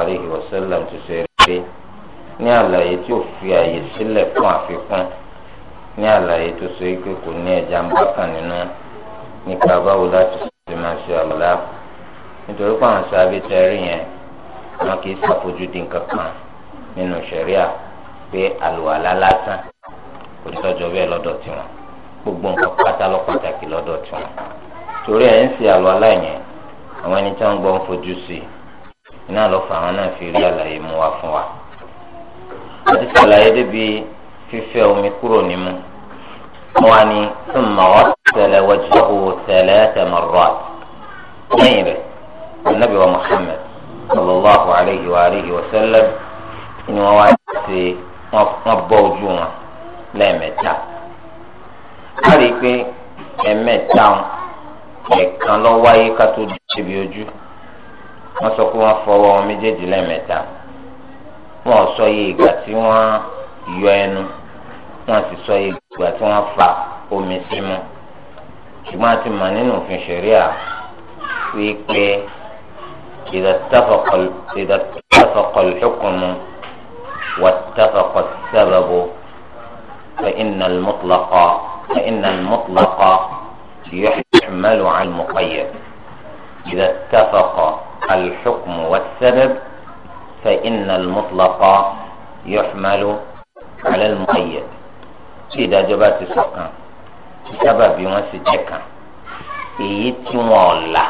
alayhi wa sallam ti ṣe rí ní àlàyé tí ó fi àyè sílẹ̀ fún àfikún ní àlàyé tó ṣe pé kò ní ẹja ń bá kàn nínú nípa báwo láti ṣe máa ṣe àlọ́lá nítorí pé àwọn sábẹ́ tẹ rí yẹn wọn kì í ṣàfojúdi nǹkan kan nínú ṣẹ̀ríà pé àlùwàlá lásán kò ní sọ́jọ́ bẹ́ẹ̀ lọ́dọ̀ tiwọn gbogbo nǹkan pátá pàtàkì lọ́dọ̀ tiwọn torí ẹ̀ ń ṣe àlọ́lá yẹn àwọn ẹni tí wọ́n gbọ́ ń fojú sí i iná lọ fún àwọn náà fi rí àlàyé mu wá fún wa láti ṣàlàyé débi fífẹ́ omi kúrò nímú wọn ni fún màwá tẹlẹ wajhahu thalatha marrat lẹ́yìn rẹ̀ anabi wa muhammed sallallahu alayhi wa alihi wa sallam ni wọn wá ṣe wọn bọ́ ojú wọn lẹ́ẹ̀mẹ́ta a rí i pé ẹ̀mẹ́ta ẹ̀kan lọ wáyé ká tó débi ojú wọ́n sọ pé wọ́n fọwọ́ wọn méjèèjì lẹ́ẹ̀mẹ́ta wọ́n sọ iye ìgbà tí wọ́n yọ ẹnu wọ́n sì sọ iye ìgbà tí wọ́n fa omi símú ṣùgbọ́n a ti mọ̀ nínú òfin ṣẹ̀ríà wípé ìdàtàfọ̀kọ̀ lùkùnmù wàtàfọ̀kọ̀ sábàbò فإن المطلق فإن المطلق يحمل على المقيد إذا اتفق الحكم والسبب فإن المطلق يحمل على المقيد إذا جبت سكن سبب وسجكا èyí tí wọn ò la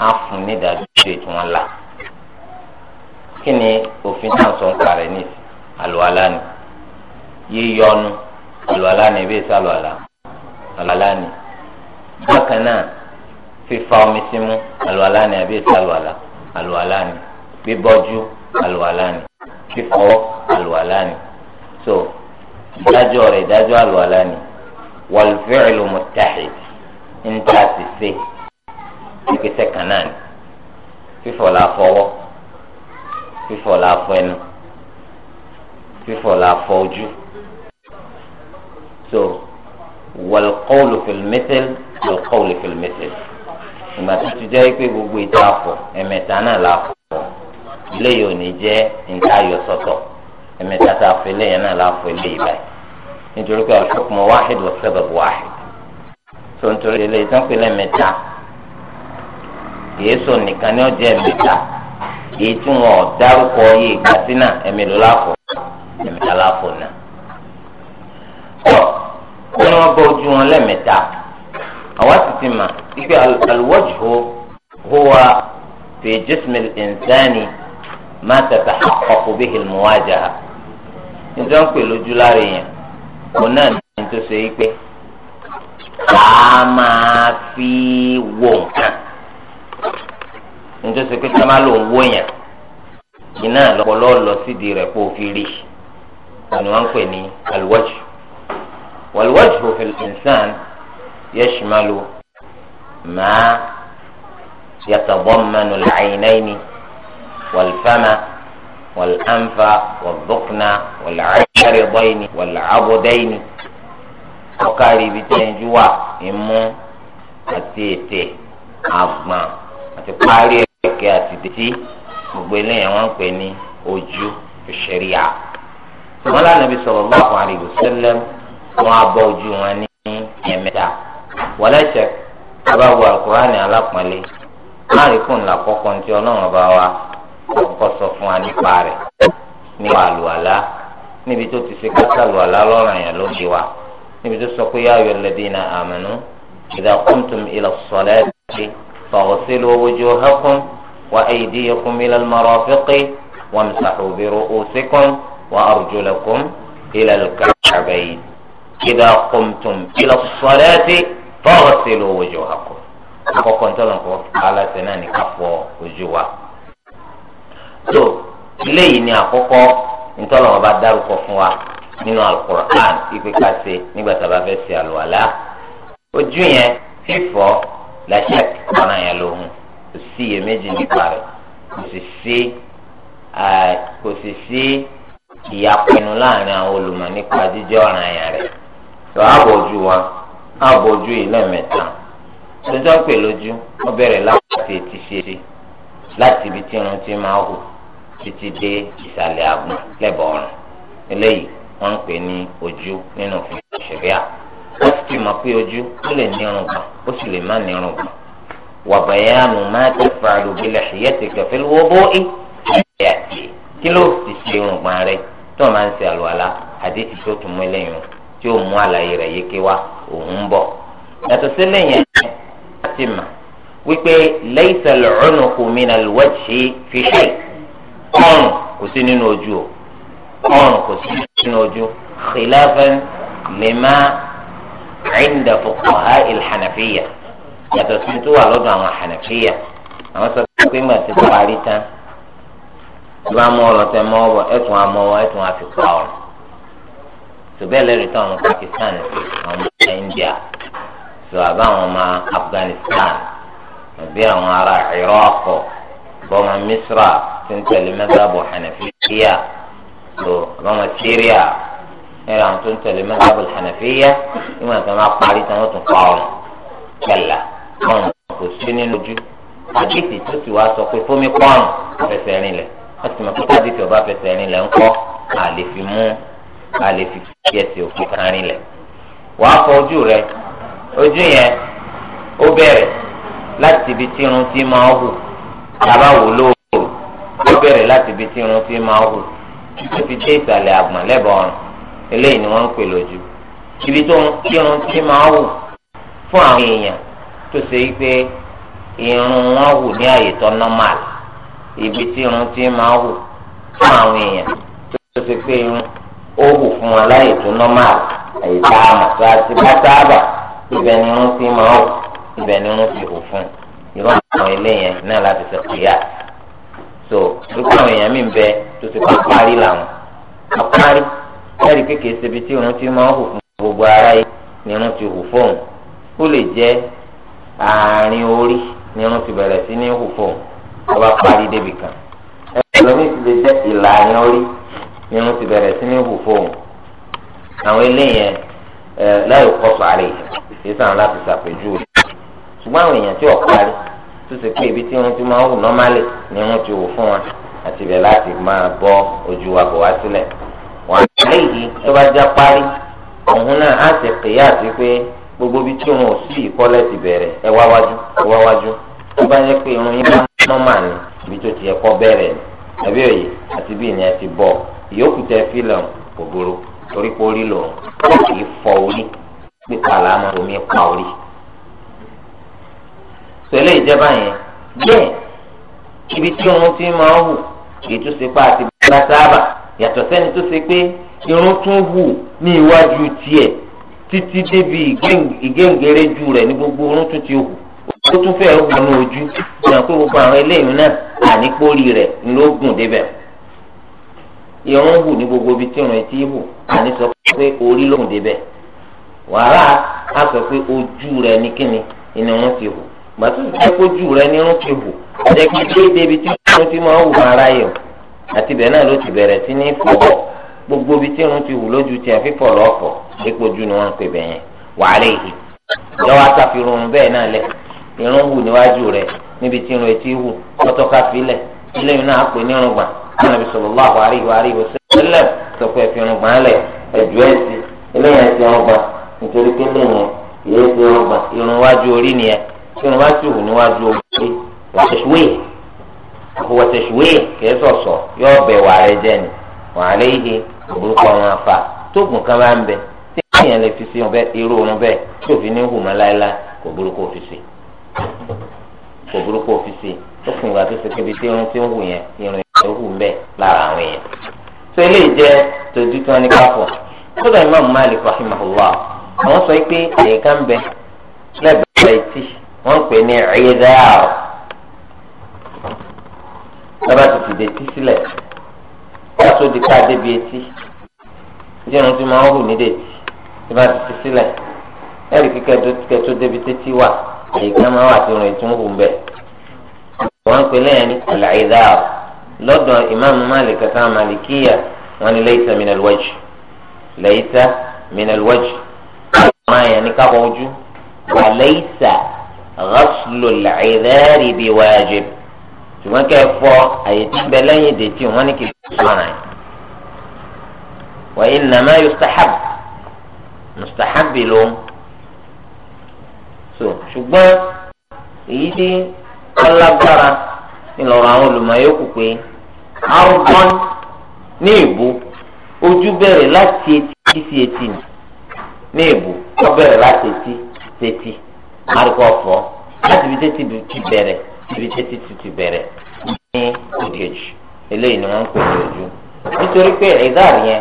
á fún nídàájọ́ ìṣe tí wọn la kí ni òfin náà sọ ń parẹ ní àlùwalá ni yíyọnu àlùwalá ni ebí sàlùwalá àlùwalá ni bákan náà fífa omi sí mú àlùwàlá ni àbí ètò àlùwàlá àlùwàlá ni bíbọ́jú àlùwàlá ni fífọ́ àlùwàlá ni so ìdájọ́ rẹ̀ ìdájọ́ àlùwàlá ni wàlúfẹ́ẹ̀lù mùtàhìd níta sì ṣe ìpèsè kan náà ni fífọ̀ la fọwọ́ fífọ̀ la fọ ẹnu fífọ̀ la fọ ojú so wàlúkọ́ọ̀lù fìlmẹ́tẹ̀l wàlúkọ́ọ̀lù fìlmẹ́tẹ̀l ìgbà tó ti jẹ́ pé gbogbo ìta àfọ̀ ẹ̀mẹ̀ta náà la fọ̀ eléyìí ò ní jẹ́ níta ayọ̀ sọ̀tọ̀ ẹ̀mẹ̀ta tá a fọ̀ eléyìí náà la fọ̀ eléyìí báyìí nítorí pé al-hukmu wáhid wa sabab wáhid tó ń torí eléyìí tán pé lẹ́mẹ̀ta kìí sọ nìkan ní ọjọ́ ẹ̀mẹ̀ta èyí tí wọn ò dárúkọ yé ìgbà sínà ẹ̀mẹ̀ló la fọ̀ ẹ̀mẹ̀ta la fọ̀ náà àwa sì ti mà ipe alwajhu huwa fi jismi al-insani ma tatahaqqaqu bihi al-muwajaha nítorí wọn pè lójú lára èèyàn kò náà ní tó ṣe é pé a máa fi wo nǹkan nítorí pé tá a máa lò ń wó yàn iná lọ́pọ̀lọ́ lọ sídìí rẹ̀ kó o fi rí ni ń pè ní alwajhu walwajhu fil insan. يشمل ما يتضمن العينين والفم والأنف والذقن والعارضين والعضدين وكاري بتنجوا إمو أتيتي أغمى أتقاري kí a ti dé tí gbogbo eléyìí wọn ń pè ní ojú ìṣẹ̀ríà. sọmọlá nàbí sallallahu alaihi wasallam wọn abọ́ ojú wọn ní ẹ̀mẹ́ta wọlẹ́sẹ̀ bàbá wo alukurani alápọ̀nlé márìkùn làkọ́kọ́ ntí ọlọ́run ọba wa kọ́kọ́ sọ fún wa nípa rẹ̀ nípa àlùwàlá níbi tó ti ṣe kásá àlùwàlá lọ́ràn yẹn ló di wa níbi tó sọ pé yā ayyuhalladhīna āmanū idhā qumtum ilā ṣ-ṣalāti faghsilū wujūhakum wa aydiyakum ilā al-marāfiqi wamsahū bi ru'ūsikum wa arjulakum ilā al-ka'bayn idhā qumtum ilā ṣ-ṣalāti fọ́ọ̀sìlù òwòjò àkọ́ àkọ́kọ́ ntọ́lọ́nkọ́ aláṣẹ náà ní ká fọ ojú wa. tó eléyìí ni àkọ́kọ́ ntọ́lọ́wọ́ bá dárúkọ fún wa nínú alukur'an ipe ká ṣe nígbà tá a bá fẹ́ ṣe àlùwàlá. ojú yẹn fífọ́ làṣẹ kọ́nà yẹn lóhùn kò sí iyèméjì nípa rẹ̀ kò sì sí kò sì sí ìyapinnu láàrin àwọn olùmọ̀ nípa jíjẹ́ ọ̀ràn yẹn rẹ̀. tó àbọ̀ ojú wa àbọ̀jú yìí lẹ́ẹ̀mẹ́ta lọ́jọ́ pè lójú wọ́n bẹ̀rẹ̀ láti etí ṣeré láti ibi tí irun ti máa hù títí dé ìsàlẹ̀ àgbọ̀n lẹ́bọ̀ ọ̀rùn eléyìí wọ́n ń pè ní ojú nínú òfin ṣẹ̀ríà wọ́n sì ti mọ̀ pé ojú ó lè ní irun gbọ̀n ó sì lè má ní irun gbọ̀n wàbẹ̀yánu máa ti fàlù bilẹ̀ ṣìyẹ́tì kẹfẹ́ lówó bóyí ẹ̀yà tì kí ló ti ṣe irun gbọ̀n rẹ tó máa ń ṣe àlùwàlà àdéhìí tó tún mú eléyìí tí ó mú àlàyé rẹ̀ yéké wá òun ń bọ̀ yàtọ̀ sílẹ̀ yẹn láti mà wípé laysa al-unuqu min al-wajhi fi shay' ọrùn kò sí nínú ojú o ọrùn kò sí nínú ojú khilafan lima 'inda fuqaha al-hanafiyya yàtọ̀ sí tó wà lọ́dọ̀ àwọn hanafiyya àwọn sọ pé pé màtí tó parí tán ìbámu ọ̀rọ̀ tẹ mọ́ ọ̀rọ̀ ẹ̀tún àmọ́ àfikún ọ̀rọ̀ tòbẹ́ lẹ́rìí tó àwọn Pakistan sí àwọn ọmọ India tó àbá àwọn ọmọ Afghanistan àbí àwọn ará Iraq bọ́mọ Misra tí ń tẹ̀lé mẹ́tàbù Hanafiya tó àbáwọn Syria ẹ̀rọ àwọn tó ń tẹ̀lé mẹ́tàbù Hanafiya ìwọ̀n àti àwọn apárí tí wọ́n tún fa ọ̀run kẹlà ọ̀run kò sí nínú ojú àdìsí tó ti wá sọ pé fómi pọ́ọ̀rùn fẹsẹ̀ rìn lẹ̀ wọ́n ti mọ̀ pé káàdìsí ọba fẹsẹ̀ rìn lẹ̀ ńkọ́ àlè fi mú a lè fi kí ẹsẹ̀ òfin kárin lẹ̀ wàá fọ ojú rẹ ojú yẹn ó bẹ̀rẹ̀ láti ibi tí irun ti máa hù tàbá wò lóòrò ó bẹ̀rẹ̀ láti ibi tí irun ti máa hù tó fi dé ìsàlẹ̀ àgbọ̀n lẹ́bàá ọ̀rùn eléyìí ni wọ́n ń pè lójú ibi tó irun ti máa hù fún àwọn èèyàn tó ṣe é irun wọn hù ní àyè tó normal ibi tí irun ti máa hù fún àwọn èèyàn tó ṣe pé irun ó wù fún wọn láyè tó nọ́màl àyè tá a mọ̀ tó a ti bá sábà ibẹ̀ ni wọ́n ti máa wò ibẹ̀ ni wọ́n ti wò fún irọ́ àwọn eléyẹn náà láti ṣe kìyà so dúpọ̀ àwọn èèyàn mi ń bẹ tó ti pa parí làwọn àparí lẹ́rìí kékeré ṣebi tí irun ti máa wò fún gbogbo ara yìí ni irun ti wò fóun ó lè jẹ́ àárín orí ni irun ti bẹ̀rẹ̀ sí ní wò fóun ọba parí débì kan ẹ̀rọ mi ti lè jẹ́ ìlànà orí ni wọn ti bẹ̀rẹ̀ sí ní hù fóun àwọn eléyẹn ẹ láyò kọsọ àrè yìí sàn láti ṣàpèjúwe ṣùgbọ́n àwọn èèyàn tí ò parí tó ṣe pé ibi tí wọn ti máa ń hù nọ́málì ni wọn ti hù fún wọn àti bẹ̀ láti máa bọ́ ojú wa bọ̀ wá sílẹ̀ wọn àlẹ́ yìí tó bá já parí òun náà á ti pèyà sí pé gbogbo ibi tí wọn ò sí ìkọ́lẹ̀ ti bẹ̀rẹ̀ ẹ wá wájú ẹ wá wájú tó bá yẹ pé irun yín bá nọ́mà ibi tó ti yẹ bẹ̀rẹ̀ ẹ ìyókù tẹ fílẹ̀ ògbóró torí pé orí lòun kì í fọ orí pípa làámọ omi pa orí. pẹ̀lú ìjẹba yẹn bẹ́ẹ̀ ibi tí òun ti máa hù ètò sípa àti bíbá sábà yàtọ̀ sẹ́ni tó ṣe pé irun tún hù ní iwájú tiẹ̀ títí débi ìgéǹgéréjú rẹ̀ ní gbogbo irun tún ti hù ó tún fẹ́ẹ́ hù ní ojú ìyàn pé gbogbo àwọn eléyìí náà ànípórí rẹ̀ ló gùn débẹ̀. irun hù ní gbogbo ibi tí irun etí hù àní sọ pé orí ló débẹ̀ wàhálà á sọ pé ojú rẹ̀ ní kíni ìní irun ti hù gbàtú ti jẹ́ kójú ara ní ti hù kí ti máa àti náà ló ti bẹ̀rẹ̀ sí ní gbogbo ibi tí ti hù lójú tiẹ̀ fífọ̀ lọ́ọ̀fọ̀ epo ojú ni wọ́n pè bẹ́ẹ̀ yẹn wàhálà èyí lọ́wọ́ bẹ́ẹ̀ náà lẹ̀ hù níwájú rẹ̀ níbi tí hù anabi sallallahu alaihi wa alihi wasallam sọ pé ẹfi irun gbọn lẹ ẹjọ ẹsì eléyìí ẹsì irun gbọn nítorí pé lẹ́yìn ìyẹn ẹsì irun gbọn irun wájú orí nìyẹn irun wájú òhun níwájú orí wàtẹ̀síwé wàtẹ̀síwé kìí sọ̀sọ̀ yóò bẹ̀ wà rẹ jẹ́ ni wà á léyìí òbúrúkọ wọn afa tóògùn kan bá ń bẹ tí èèyàn lè fi sí irú òun tí òfin ní hùmọ́ láéláé kò burúkú òfin sí kò burúkú òfìsì ó fún ìgbà tó ṣe kébi tí irun tí ó wù yẹn irun yẹn wù ń bẹ lára àwọn èèyàn. tó ilé jẹ tòjú tí wọn ní káfọ kódà Imam Malik rahimahullah àwọn sọ pé àyíká ń bẹ lẹ́bẹ̀ẹ́ etí wọ́n ń pè ní ẹ̀yẹ́dáàrọ̀ lọ́ba ti fìdí etí sílẹ̀ wọ́n tó di ká débi etí tí irun tí máa ń hù nídìí tí bá ti fi sílẹ̀ ẹ̀rí kíkẹ́ tó débi tẹ́tí wà àyíká máa wà tó rìn tún hù bẹ́ẹ̀. wọ́n ń pè lẹ́yìn ní àlàyédá lọ́dọ̀ ìmáàmù Malik àti Malikiya wọ́n ní laysa minal wajh laysa minal wajh máa yẹn ní kábọ̀ ojú wà laysa ghaslul idari bi wajib ṣùgbọ́n kẹ́ ẹ fọ àyè tí bẹ lẹ́yìn dèjì wọ́n ní kì í sọ̀rọ̀ yẹn. wa innama yustahab mustahabi lóhun so ṣùgbọ́n èyí tí wọ́n lágbára ńlọrọ̀ àwọn olùmọ̀ọ́yọ́ kù pé arúgbọ́n ní ìbò ojú bẹ̀rẹ̀ láti etí sí etí ni ní ìbò wọ́n bẹ̀rẹ̀ láti etí sí etí àríkọ́ ọ̀fọ́ láti ibi tẹ́tí ti bẹ̀rẹ̀ ibi tẹ́tí ti bẹ̀rẹ̀ ní òdì ojú eléyìí ni wọ́n ń pè ní ojú nítorí pé ẹ̀dá yẹn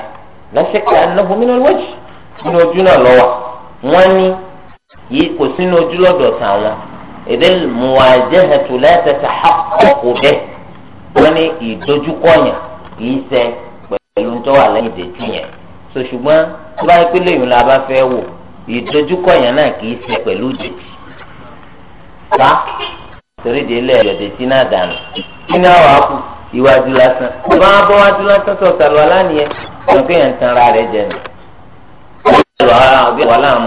lọ́sẹ̀kẹ́ anáhùnmínú lọ́jì nínú ojú náà lọ́wọ́ wọ́n ní yìí kò sínú ojúlọ́dọ̀ tàwọn èdè muwajahatu la tatahaqqaqu bih wọ́n ní ìdojúkọ̀yàn kìí ṣe pẹ̀lú ń tọ́wà lẹ́yìn ìdètí yẹn so ṣùgbọ́n tó bá pé lèyìn la bá fẹ́ wò ìdojúkọ̀yàn náà kìí ṣe pẹ̀lú ìdètí ká torí délé ìdètí náà dànù kí ni àwọn àkù ìwájú lásán tó bá bọ́ wájú lásán sọ̀tà lọ aláníyẹn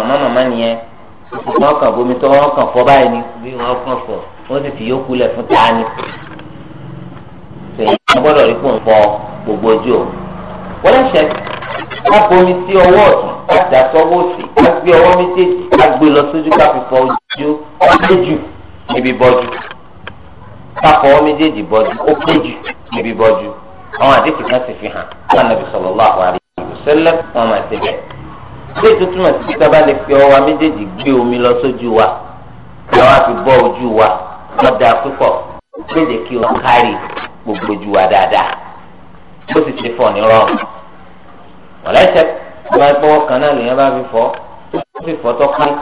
ọ̀nà wọn kàn bomi tó wọn kàn fọ báyìí ni bí wọn kàn fọ wọn sì fi yókù lẹ fún tani sèyí wọn gbọ́dọ̀ rí fún fọ gbogbo ojú o wọn lẹsẹ ká bomi sí ọwọ́ ọ̀tún ká dà sọ́wọ́ òsì ká gbé ọwọ́ méjèèjì ká gbé lọ sójú ká fi fọ ojú ó pé jù níbi bọjú ká fọwọ́ méjèèjì bọjú ó pé jù níbi bọjú àwọn àdéhùn kan sì fi hàn wọn nàbì sallallahu alaihi wasallam wọn máa ṣe bẹ́ẹ̀ ilé ìtútù náà ti sábà lè fi ọwọ́ méjèèjì gbé omi lọ sójú wa káwá fi bọ́ ojú wa lọ́dà púpọ̀ gbèdé kí o kárì gbogbo ojú wa dáadáa bó sì ti fọ̀ ní rọrùn ọ̀lẹ́sẹ̀ tó bá gbọ́wọ́ kan náà lèèyàn bá fi fọ̀ ó fi fọ̀ tó kárí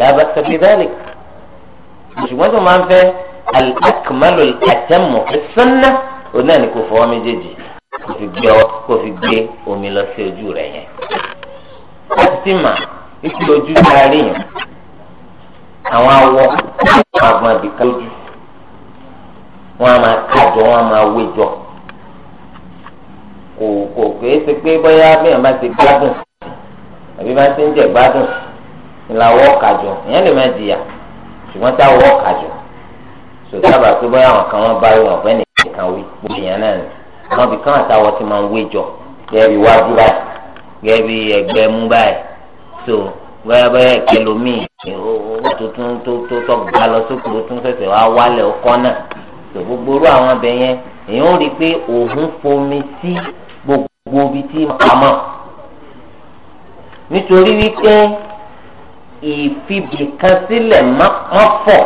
làbá tẹ̀lé dáàlì ṣùgbọ́n tó máa ń fẹ́ al-akmalu al òun náà ni kò fọwọ́ méjèèjì kò fi gbé omi lọ sí ojú rẹ̀ yẹn ọtíma ikú ojú darí yẹn àwọn awọ àwọn àbíká lójú wọn a máa kájọ wọn a máa wéjọ kò kò kéé ṣe pé bóyá bẹ́ẹ̀ máa ti gbádùn àbí máa ti ń jẹ gbádùn ìlàwọ́ kájọ ìyẹn lè máa jìyà ṣùgbọ́n tá a wọ́ kájọ sòtábà pé bóyá àwọn kan wọn bá rí wọn fẹ́ nìkan wí gbogbo èèyàn náà ni wọn bì kán àtàwọn ti máa ń wéjọ bẹ́ẹ̀ bí wájú báyìí gẹ́gẹ́ bí ẹgbẹ́ mú báyìí so bóyá bóyá o, tuntun tó tó tó ga lọ sókè ó tún fẹsẹ̀ wá wálẹ̀ ọkọ náà tó gbogbo irú àwọn abẹ yẹn èèyàn rí i pé òun fomi sí gbogbo ibi tí pamọ́ nítorí wípé ìfibìkan sílẹ̀ má fọ̀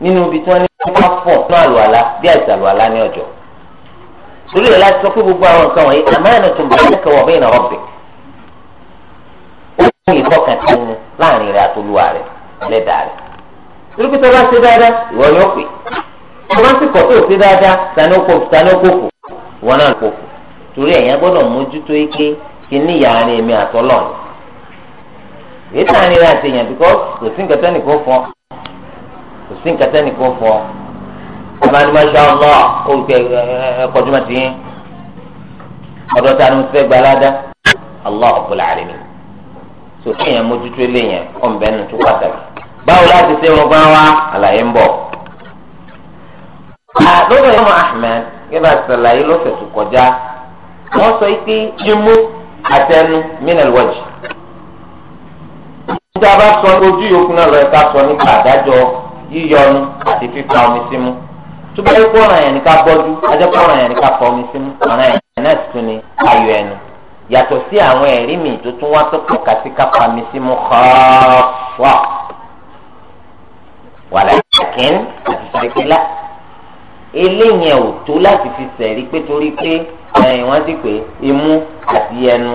nínú ibi tí wọ́n ní má fọ̀ nínú àlùwàlá bí àìsàn àlùwàlá ní ọjọ́ torí ẹ̀ láti sọ pé gbogbo àwọn nǹkan wọ̀nyí àmọ́ ẹ̀ náà tó bẹ̀rẹ̀ kẹwọ́ bẹ́ẹ̀ náà rọ̀ bẹ̀rẹ̀ ní ìfọkàn tí ń láàrin rẹ àtolúwa rẹ lẹ́dàá rẹ. irúgbìn tó bá ṣe dáadáa ìwọ ni ó pè tó bá sì kọ̀ tó ṣe dáadáa tani ó kófù tani ó kófù ìwọ náà ló kófù torí ẹ̀yàn gbọ́dọ̀ mójútó ike kí ní ìyá ni èmi àtọ́lọ̀ ni. èyí a rẹ àti èèyàn bíkọ́ kò sí nǹkan tẹ́nì kó fọ́ kò sí nǹkan tẹ́nì fọ́ abáni masha allah olùkẹ́ ẹ̀kọ́júmọ́ ti yín ọ̀dọ́ ta ni mo ti fẹ́ gbalada allah ọ̀pọ̀lọ́ àlẹ́ mi sòkè yẹn mójútó eléyẹn ọ̀nbẹ́nu tó pàtàkì báwo láti ṣe wọn bá wa àlàyé ń bọ̀. lọ́dọ̀ ìmọ̀ Ahmed gẹ́gẹ́ àti sàlàyé lọ́sẹ̀ tó kọjá wọ́n sọ pé imú àtẹnu minal wajh. níta bá sọ ojú yòókù náà lọ ẹ̀ka sọ nípa àdájọ́ yíyọnu àti fífa omi símú tó bá yẹ kó ọ̀ràn yẹn ní ká gbọ́dú ajẹ́ kó ọ̀ràn yẹn ní ká fọ omi símú ọ̀ràn yẹn náà sì tún ni ayọ̀ ẹnu yàtọ̀ sí àwọn ẹ̀rí mi tó tún wá tó kọ̀ kásíkápá mi sí mu xọ́ọ́fọ́ wàlàkín àti sàkílà eléyìn ò tó láti fi sẹ̀rí pé torí pé ẹ̀yìn wọ́n ti pè imú àti ẹnu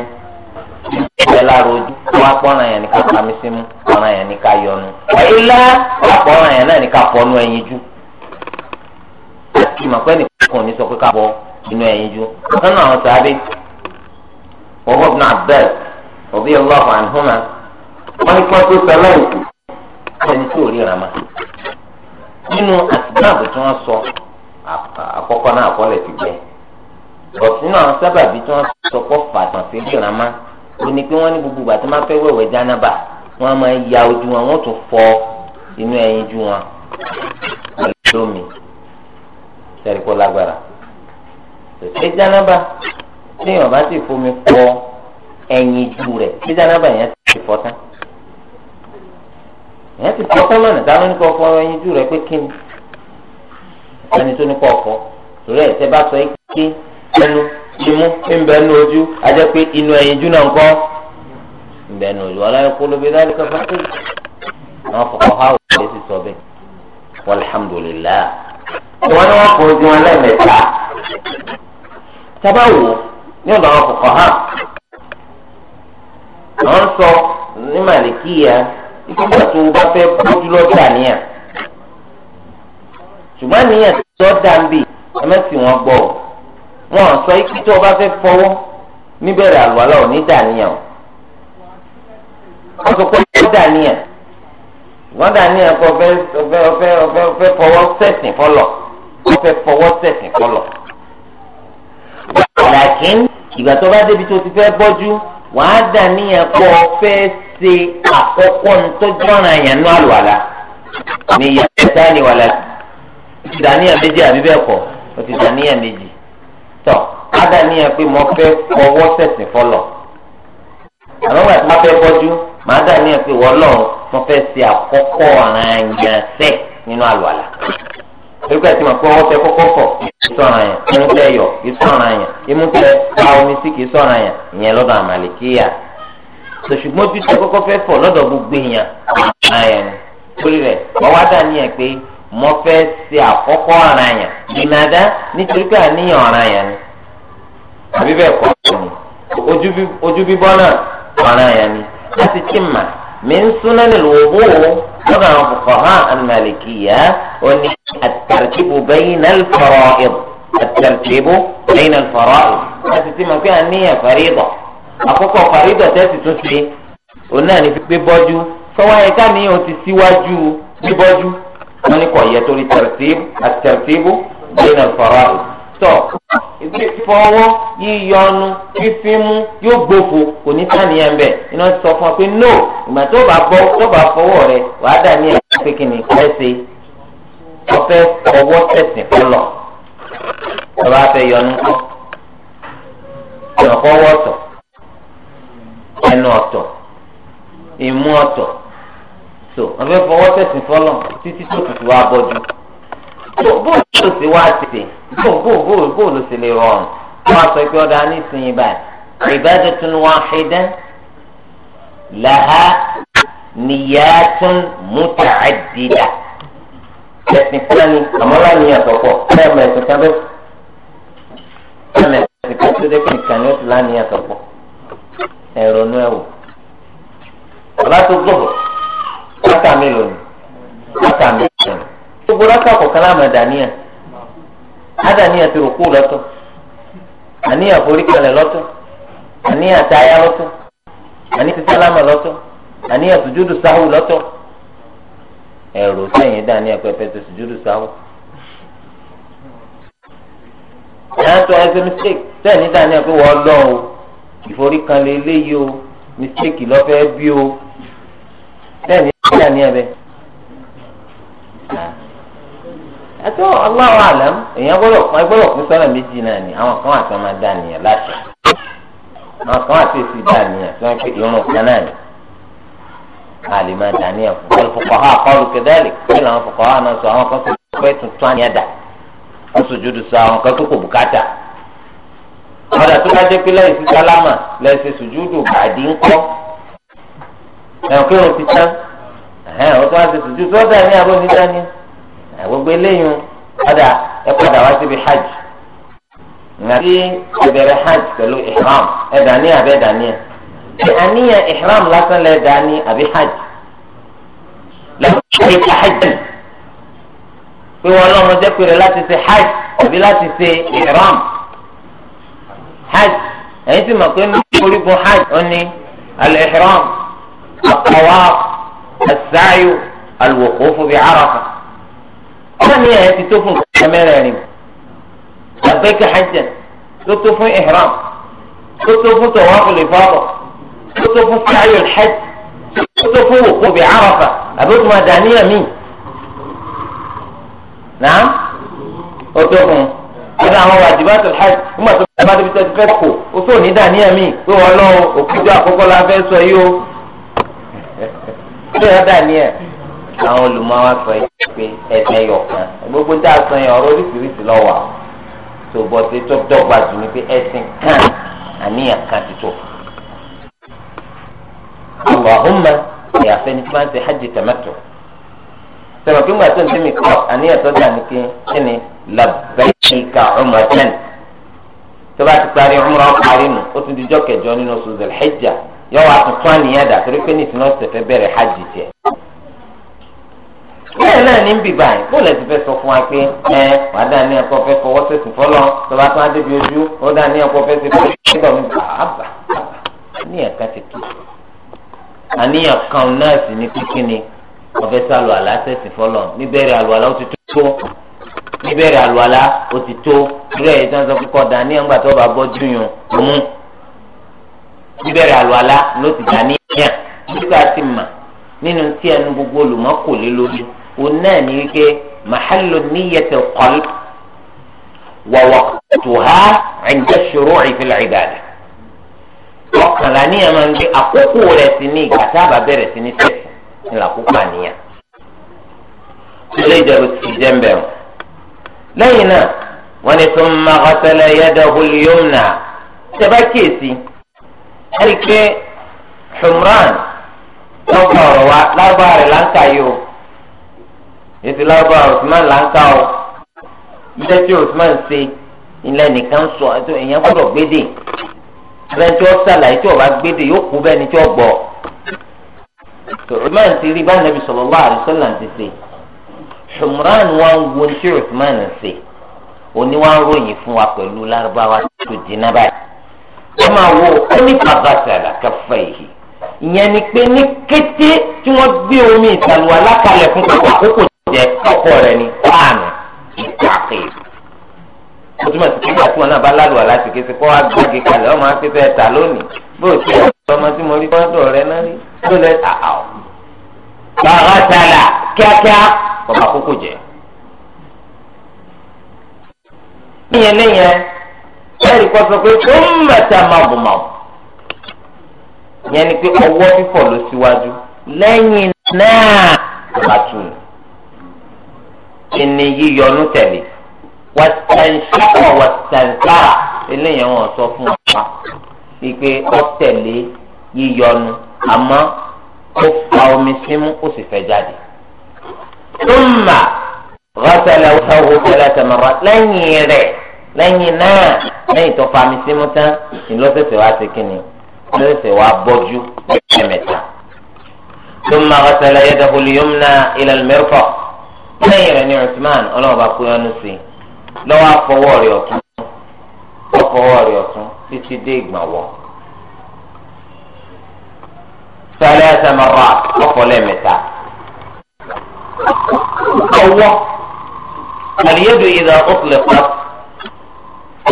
ìgbẹ́ lára ojú wọ́n apọ́nrán yẹn ní ká pamí sí mú apọ́nrán yẹn ní ká yọnu ẹ̀yìnlá apọ́nrán yẹn náà ní ká pọ́nú ẹyin jú àti ìmọ̀pẹ́ nìkan kò ní sọ pé ká bọ́ inú ẹyin jú ọ̀sán náà sọ وهو ابن عباس رضي الله عنهما وهي كنت سلمت ẹni tí ò ríra ma nínú àtìgbàbù tí wọ́n sọ àkọ́kọ́ náà ti gbẹ sábàbí tí wọ́n sọ pọ̀ fàtàn sí ríra ma ó ní pé wọ́n ní gbogbo ìgbà tí wọ́n fẹ́ ya ojú wọn wọ́n tún fọ inú ẹyin ju wọn lómi téèyàn bá sì fomi pọ ẹyin ju rẹ̀ tí jánábà yẹn ti fọ tán yẹn ti fọ tán lọ́nà táwọn oníkọ fọ ẹyin ju rẹ̀ pé kíni ẹni tó nípa ọkọ torí ẹ̀ tẹ́ bá sọ é ké ẹnu imú ńbẹ nú ojú ajẹ́ pé inú ẹyin ju náà ńkọ́ ńbẹ nú ojú ọlọ́run kó ló bí dáadé kan fún kéèké àwọn fọkàn ha òkè sì sọ bẹ́ẹ̀ walhamdulillah wọn ni wọn kò ojú wọn lẹ́ẹ̀mẹ́ta tábà ní ọ̀dọ̀ àwọn kọ̀kọ̀ hàn àwọn sọ ní màlìkíyà ìgbà tó o bá fẹ́ bójú lọ́dà níyà ṣùgbọ́n níyà tó dá ń bì ẹmẹ́sì wọn gbọ́ ọ wọn ò sọ ikú tó o bá fẹ́ fọwọ́ níbẹ̀rẹ̀ àlùwalá ò ní dàníyà o wọ́n sọ pé ó dàníyà wọ́n dàníyà kó o fẹ́ fọwọ́ sẹ̀sìn fọlọ̀ o fọwọ́ sẹ̀sìn fọlọ̀ làkín ìgbà tó bá débi tó ti fẹ́ bọ́jú wàá dà níyàn pọ̀ fẹ́ ṣe àkọ́kọ́ ntọ́jú ọ̀ràn àyànnú àlùwàlà ní yàtá ni wàlà ti dàníyàn méjì àbí bẹ́ẹ̀ kọ́ o ti dàníyàn méjì tọ́ wàá dà níyàn pé mo fẹ́ fọwọ́ sẹ̀sìn fọlọ̀ àmọ́ wàá tí wọ́n fẹ́ bọ́jú màá dà níyàn pé wọ́n lọ́ọ̀ mo fẹ́ ṣe àkọ́kọ́ ọ̀ràn àyànṣẹ́ nínú àlùwàlà. ebi ká ma mọ̀ pé ọwọ́ tẹ kọ́kọ́ kọ̀ kìí sọ̀rọ̀ àyàn ẹnu tẹ yọ kìí sọ̀rọ̀ àyàn imú tẹ pa omi sí kìí sọ̀rọ̀ àyàn ìyẹn lọ́dọ̀ tẹ kọ́kọ́ fẹ́ fọ̀ lọ́dọ̀ gbogbo èèyàn àyàn torí rẹ̀ wọ́n wá dà níyàn pé mo fẹ́ ṣe àkọ́kọ́ àyàn ìnàdá nítorí pé àníyàn àyàn ni àbí bẹ́ẹ̀ kọ́ ojú bíbọ́ náà àyàn ni láti tí lọ́dọ̀ àwọn fuqaha al-malikiyya oní at-tartibu bayna al-fara'id at-tartibu bayna al-fara'id láti ti mọ̀ pé àníyàn fàrídọ̀ àkọ́kọ́ fàrídọ̀ tẹ́sí tún ṣe òun náà ní pípé bọ́jú sọ́wọ́ ẹ̀ káníyàn ti síwájú bíbọ́jú wọn ní kò yẹ torí at-tartibu bayna al-fara'id tọ̀ ìgbé fọwọ́ yíyọnu fífímú yóò gbófo kò ní sàníyàn bẹ̀ iná sọ fún ọ pé no ìgbà tó bá bọ́ tó bá fọwọ́ rẹ wàá dà ní ẹ̀ka pé kìnnì kẹ́ ṣe ọfẹ́ ọwọ́ tẹ̀sìn fọlọ̀ ọba fẹ́ yọnu kọ́ ọ̀nàkọ́wọ́ ọ̀tọ̀ ẹnu ọ̀tọ̀ ìmú ọ̀tọ̀ so ọfẹ́ fọwọ́ tẹ̀sìn fọlọ̀ títí tó tutù wá bọ́jú bó ló sì wá sí bó bó bó bó ló sì lè rọrùn wọn sọ pé ọdọ anísìnyí báyìí ibadatun wahida laha niyatun muta'addida ẹ̀sìn kan ni àmọ́ láníyàn tọ̀pọ̀ bẹ́ẹ̀ mọ̀ ẹ̀sìn kan bẹ́ẹ̀ bẹ́ẹ̀ mọ̀ ẹ̀sìn kan tó dé pé nìkan ni ó ti láníyàn ẹ̀rọ inú ẹ̀ wò. ọ̀la tó gbọ̀bọ̀ látà mélòó ni látà mi rákà kọ̀ọ̀kan láàmú àdàníyàn àdàníyàn ti rùkú lọ́tọ̀ àníyàn foríkalẹ̀ lọ́tọ̀ àníyàn táyà lọ́tọ̀ àníyàn ti sálámà lọ́tọ̀ àníyàn sùjúdù sáhù lọ́tọ̀ ẹ̀rọ sẹ́yìn dàníyàn pẹpẹ ti sùjúdù sáhù. yàtọ̀ ẹsẹ̀ mistake sẹ́yìn dàníyàn pé wọ́n lọ́ o ìforíkalẹ̀ eléyìí o mistake lọ́fẹ́ bí o sẹ́yìn dàníyàn bẹ́ẹ̀ ẹtọ ọlọ́wọ́ àlám èèyàn gbọ́dọ̀ wọn gbọ́dọ̀ fún sọ́nà méjì náà ni àwọn kan àti ọmọ dá nìyẹn láṣẹ àwọn kan àti èsì dá nìyẹn tí wọ́n pe irun kan náà ni àlè máa dá nìyẹn fún bọ́ọ̀lù fọkànhá kọlù kẹdẹ́lì kí làwọn fọkànhá náà sọ àwọn kan tó pẹ́ tuntun àníyàn dà wọ́n sùjúdù sọ àwọn kan tó kò bùkátà ọ̀dà tó bá jẹ́ pé lẹ́yìn sí sálámà lẹ́yìn sí sùjúdù bàdí ńkọ́ ẹ̀hún kí gbogbo eléyìí padà ẹ padà wá síbi hajj nàbí ìbẹ̀rẹ̀ hajj pẹ̀lú ihram ẹ dání àbẹ dání ẹ ṣe àníyàn ihram lásán lẹ dání àbí hajj lẹ́yìn ìka hajj pé wọn lọ́mọ jẹ́ pèrè láti ṣe hajj àbí láti ṣe ihram hajj ẹ̀yin ti mọ̀ pé ní orígun hajj ó ní al-ihram at-tawaf as-sa'yu al-wuqufu ọ̀rọ̀ ni ẹ̀ ti tó fún nǹkan mẹ́rẹ̀ẹ̀rin labẹ́kẹ̀ hajjẹ̀ ló tó fún ihram ló tó fún tawaful ifada ló tó fún fáyọ̀ hajj ló tó fún wòkú bí Arafa àbí tó máa dàníyàn mí. nàá ó tó fún ọ̀dọ̀ àwọn wàjibátù hajj ó mà tó fún abá tóbi tó ti kó o tó ní dàníyàn mí pé wọ́n lọ́wọ́ òkúta àkọ́kọ́ la fẹ́ sọ yìí ó àwọn olùmọ̀wá sọ yìí pé ẹ̀sìn ẹ̀yọ̀kan gbogbo tá a sọ yẹn ọ̀rọ̀ oríṣiríṣi lọ́wọ́ àwọn tó bọ́ sí tó dọ́gba jù ní pé ẹ̀sìn kan àníyàn kan ti tó. Allahumma ẹ̀yà fẹ́ni tí wọ́n ti hajj tamattu. sọ̀rọ̀ kí n gbà tó ń tẹ́mi kọ́ àníyàn tó dà ní kí ni labbaika umratan. tó bá ti parí umra parí nù ó tún di jọ́ nínú oṣù Dhul yọ wá tuntun àníyàn dà torí pé nìsín ọ̀sẹ̀ fẹ́ bẹ̀rẹ̀ hajj tiẹ̀ bẹ́ẹ̀ náà ní bì báyìí bó lẹ́sìn fẹ́ sọ fún wa pé ẹ wàá dá ní ẹ̀kọ́ fẹ́ fọwọ́ sẹ̀sìn fọ́lọ́ tọ́ba tó á débi ojú ó dá ní ẹ̀kọ́ fẹ́ sẹ̀sìn fọ́lọ́ nígbà mi bà a bà á ní ẹ̀ka ti kí. àníyàn kan náà sì ní kíkí ni ọ̀fẹ́ sálọ àlá sẹ̀sìn fọ́lọ́ níbẹ̀rẹ̀ àlùwàlá ó ti tó níbẹ̀rẹ̀ àlùwàlá ó ti tó rẹ̀ ẹ̀ sọ́n sọ kíkọ́ dá ní ẹ̀ngbà tó bá bọ́ júyùn mú níbẹ̀rẹ̀ àlùwàlá ló ti dá níyàn nígbà tí mà nínú tí ẹnu gbogbo olùmọ́kò lé lórí òun náà ní wípé mahallu niyyati al-qalb wa waqtuha 'inda ash-shuru'i fil 'ibadah ọkàn làníyàn máa ń gbé àkókò rẹ̀ sí ní ìgbà tá a bá bẹ̀rẹ̀ sí ní sẹ́sì ní àkókò àníyàn ilé ìjọba ti fi jẹ́ńbẹ̀ wọn. lẹ́yìn náà wọ́n ní thumma ghasala yadahu al-yumna ṣẹba kíyèsí ẹ̀rí pé Humran lọ́gbà ọ̀rọ̀ wa lágbára láǹkà yìí o èsì lábọ Usman là ń ká o iṣẹ́ tí Usman ṣe ilẹ̀ nìkan sọ ètò èèyàn gbọ́dọ̀ gbédè bẹ́ẹ̀ tí ó sàlàyé tí ó bá gbédè yóò kú bẹ́ẹ̀ ni tí ó gbọ́ Usman ti rí bá Nabi sallallahu alaihi wasallam ti ṣe Humran wọn wo tí Usman ṣe òní wọn ròyìn fún wa pẹ̀lú lárúbáwá tó jiná báyìí wọ́n máa wo ó ní pàgàtàlà káfá yìí ìyẹn ni pé ní kété tí jẹ ọkọ rẹ ní fáànù ìtàkì o túmọ̀ sí kíkà tí wọn náà bá lálùwà láti ké sí kó wá gbági kalẹ̀ ọmọ àti fẹ́ ta lónìí bó o ti ọ̀sọ́ ọmọ tí mo rí fọ́ńdọ̀ rẹ náà rí ló lẹ́ ta àwọ̀. bàbá sàlà kíákíá bàbá kókò jẹ. níyẹn níyẹn ẹ̀rí kọ́ sọ pé ó ń mẹ́ta màbùmàbù. ìyẹn ni pé ọwọ́ fífọ̀ ló síwájú lẹ́yìn náà bàtú ni ìní yíyọnu tẹ̀lé wàtẹ̀ǹsára wàtẹ̀ǹsára eléyìí wọn sọ fún wa wípé ó tẹ̀lé yíyọnu àmọ́ ó fa omi símú ó sì fẹ́ jáde. túmà rọ́tẹ̀lẹ̀ wọ́tẹ̀wọ́ tẹ̀lẹ̀ tẹ̀mọ̀rọ̀ lẹ́yìn rẹ̀ lẹ́yìn náà lẹ́yìn tó fa omi símú tán ìlọ́sẹ̀sẹ̀ wa ti kíni ìlọ́sẹ̀sẹ̀ wa bọ́jú ẹ̀mẹ̀ta. túmà rọ́tẹ̀lẹ̀ yẹ́dẹ̀kùn lẹ́yìn rẹ̀ ni Usman ọlọ́run bá kó yánú sí i lọ́wọ́ afọwọ́ rẹ̀ ọ̀tún ọfọwọ́ rẹ̀ ọ̀tún títí dé ìgbàwọ́. sọlá ẹsẹ̀ máa wà ọkọ̀ lẹ́ẹ̀mẹ́ta. ọwọ́ àlùyédò ìdá ọ̀pọ̀lẹ̀ pa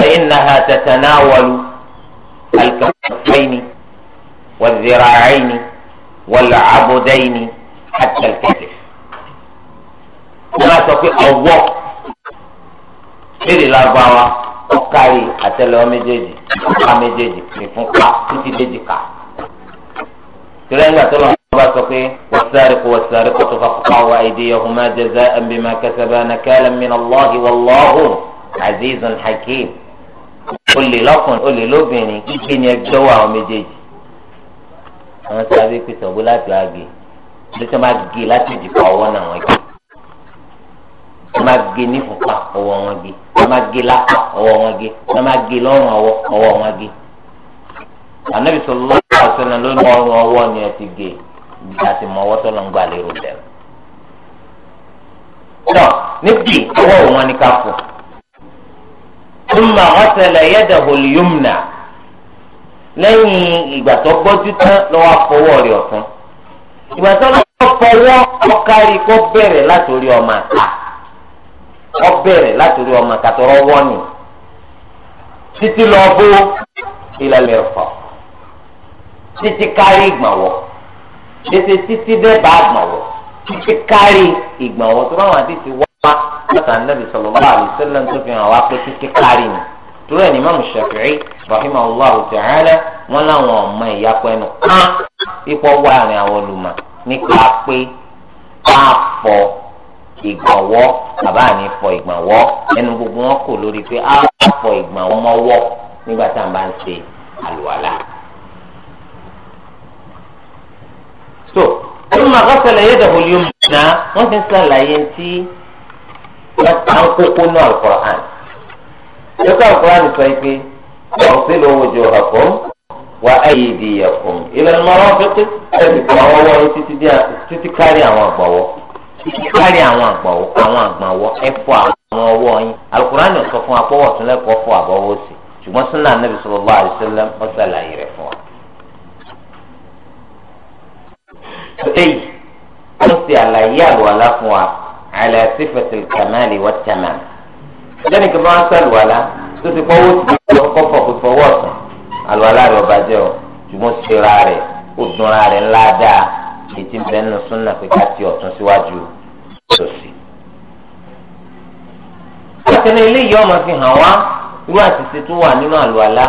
lẹ́yìn náà tẹ̀tẹ̀ náà wọlú alkafẹ́ni wàzìràáyìní wàlàábọ̀dẹ́yìní àtẹ̀lẹ́ pé ọwọ́ béèrè lárúbáwá ọkàrí àtẹ́lẹwọ́ méjèèjì ọkà méjèèjì ìfúnpá títí déjìká tìrẹ́ńgà tó lọ́nà bá sọ pé wasariqu wasariqatu faqta'u aydiyahuma jaza'an bima kasaba nakalan min Allahi wallahu azizun hakim olè lọ́kùnrin olè lóbìnrin kíkẹ́ ni ẹgbẹ́ wà àwọn méjèèjì àwọn sábẹ́ pèsè ọ̀gbọ́n láti wá gé ló sọ ma gé láti dìbò ọwọ́ náà wọ́n gé wọ́n máa gé ní fúnpa ọwọ́ wọn gé wọ́n máa gé lápá ọwọ́ wọn gé wọ́n máa gé lọ́rùn ọwọ́ ọwọ́ wọn gé. ànábì sallallahu alaihi wasallam ló ní ọrùn ọwọ́ ni ẹ ti gé bí a ti mọ ọwọ́ tó lọ ń gbà lérò bẹ̀rẹ̀. tọ́ níbi ọwọ́ wọn ni ká fò. thumma ghasala yadahu al-yumna lẹ́yìn ìgbà tó gbọ́jú tán lọ́wọ́ afọwọ́ rẹ̀ ọ̀tún ìgbà tó lọ́wọ́ fọwọ́ ọkàrí kó bẹ̀rẹ̀ láti orí ọmọ àtà wọ́n bẹ̀rẹ̀ látòrí ọmọ kàtọrọ wọnì títí lọ bó ìlàlẹ ọfọ títí kárí ìgbọ̀nwọ́ títí títí dẹba ìgbọ̀nwọ́ títí kárí ìgbọ̀nwọ́ tó báwọn àti ti wá látà nàbì sallallahu alaihi wasallam tó fi hàn wá pé títí kárí ni torí ẹni Imam Shafi'i rahimahullah ta'ala wọn làwọn ọmọ ìyapọ̀ ẹnu kán ipò wà ní àwọn olùmọ̀ nípa pé káàpọ̀ ìgbọ̀nwọ́ bàbá mi fọ ìgbọ̀nwọ́ ẹnu gbogbo wọn kò lórí pé ah, a fọ ìgbọ̀nwọ́ mọ́wọ́ nígbà tá à ń bá ń ṣe àlùwàlà. so ẹnu màá kọ́sẹ̀lẹ̀ yé dàbò yóò mú wọ́n ti ń sàlàyé tí wọ́n ta ń kókó náà Al-Qur'an. yọ̀kọ̀ Al-Qur'an sọ pé ọ̀sẹ̀ ló wojú ọ̀kọ̀ wa aydiyakum ila al-marafiq ẹ̀sìn kan wọ́wọ́ títí àwọn àgbọ̀wọ́ kárí àwọn àgbàwọ àwọn àgbàwọ ẹ fọ àwọn ọwọ́ yín alukurani sọ fún wa pọwọ tún lẹkọọ fọ àbọwọ sí ṣùgbọ́n sunna anabi sallallahu alaihi wasallam ọsàlàyé rẹ fún wa. èyí ó ń ṣe àlàyé àlùwàlá fún wa àlà sífẹ̀tì kàmáàlì wà tẹ̀mà. lẹ́nu kí wọ́n á sàlùwàlá tó ti fọwọ́ sí ọ̀rọ̀ kọ́kọ́ fọwọ́ ọ̀sán àlùwàlá rẹ̀ ọ̀bàjẹ́ o ṣùgbọ́n ṣe ra rẹ̀ ó dun ra rẹ̀ ńlá dáa ètí bẹ́ẹ̀ nù súnà pé ká ti ọ̀tún síwájú sòsì. látìní eléyìí ọmọ fi hàn wá irú àṣìṣe tó wà nínú àlùwàlá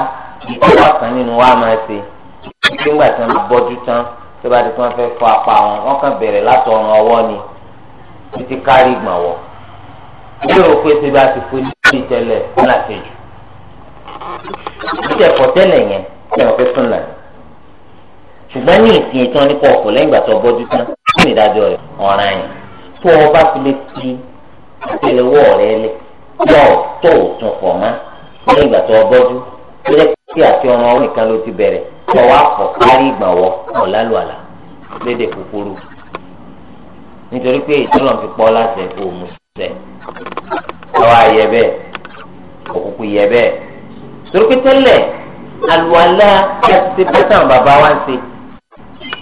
ìtura kan nínú wa máa ṣe nígbà tí wọn bọ́jú tán tó bá di kí wọn fẹ́ fọ apá wọn wọn kàn bẹ̀rẹ̀ látọrùn ọwọ́ ni títí kárí ìgbọ̀nwọ́ lérò pé ṣe bá ti fún ní tẹ́lẹ̀ wọn àṣejù. ìjẹ̀kọ̀ tẹ́lẹ̀ yẹn ṣe wọn fẹ́ súnà ni ṣùgbọ́n ní ìsìn ètò nípa ọ̀pọ̀ lẹ́yìn ìgbà tó bọ́jú tán kí ni ìdájọ́ rẹ̀ ọ̀ràn yẹn tó o bá fi lè fi àtẹ́lẹwọ́ rẹ lẹ yọ tó o tún pọ̀ mọ́ lẹ́yìn ìgbà tó bọ́jú tó yẹ kí àti ọmọ ọ̀hún nìkan ló ti bẹ̀rẹ̀ tó wá pọ̀ kárí ìgbàwọ́ ọ̀làlùwàlà léde kúkúrú nítorí pé ìtọ́lọ̀ fi pọ́ láṣẹ òmù sẹ̀ ọwọ́ ayẹ bẹ́ẹ̀ òkùnkùn yẹ bẹ́ẹ̀ torí pé tẹ́lẹ̀ àlùwàlà kí a ti ṣe bẹ́tàn bàbá wa ń ṣe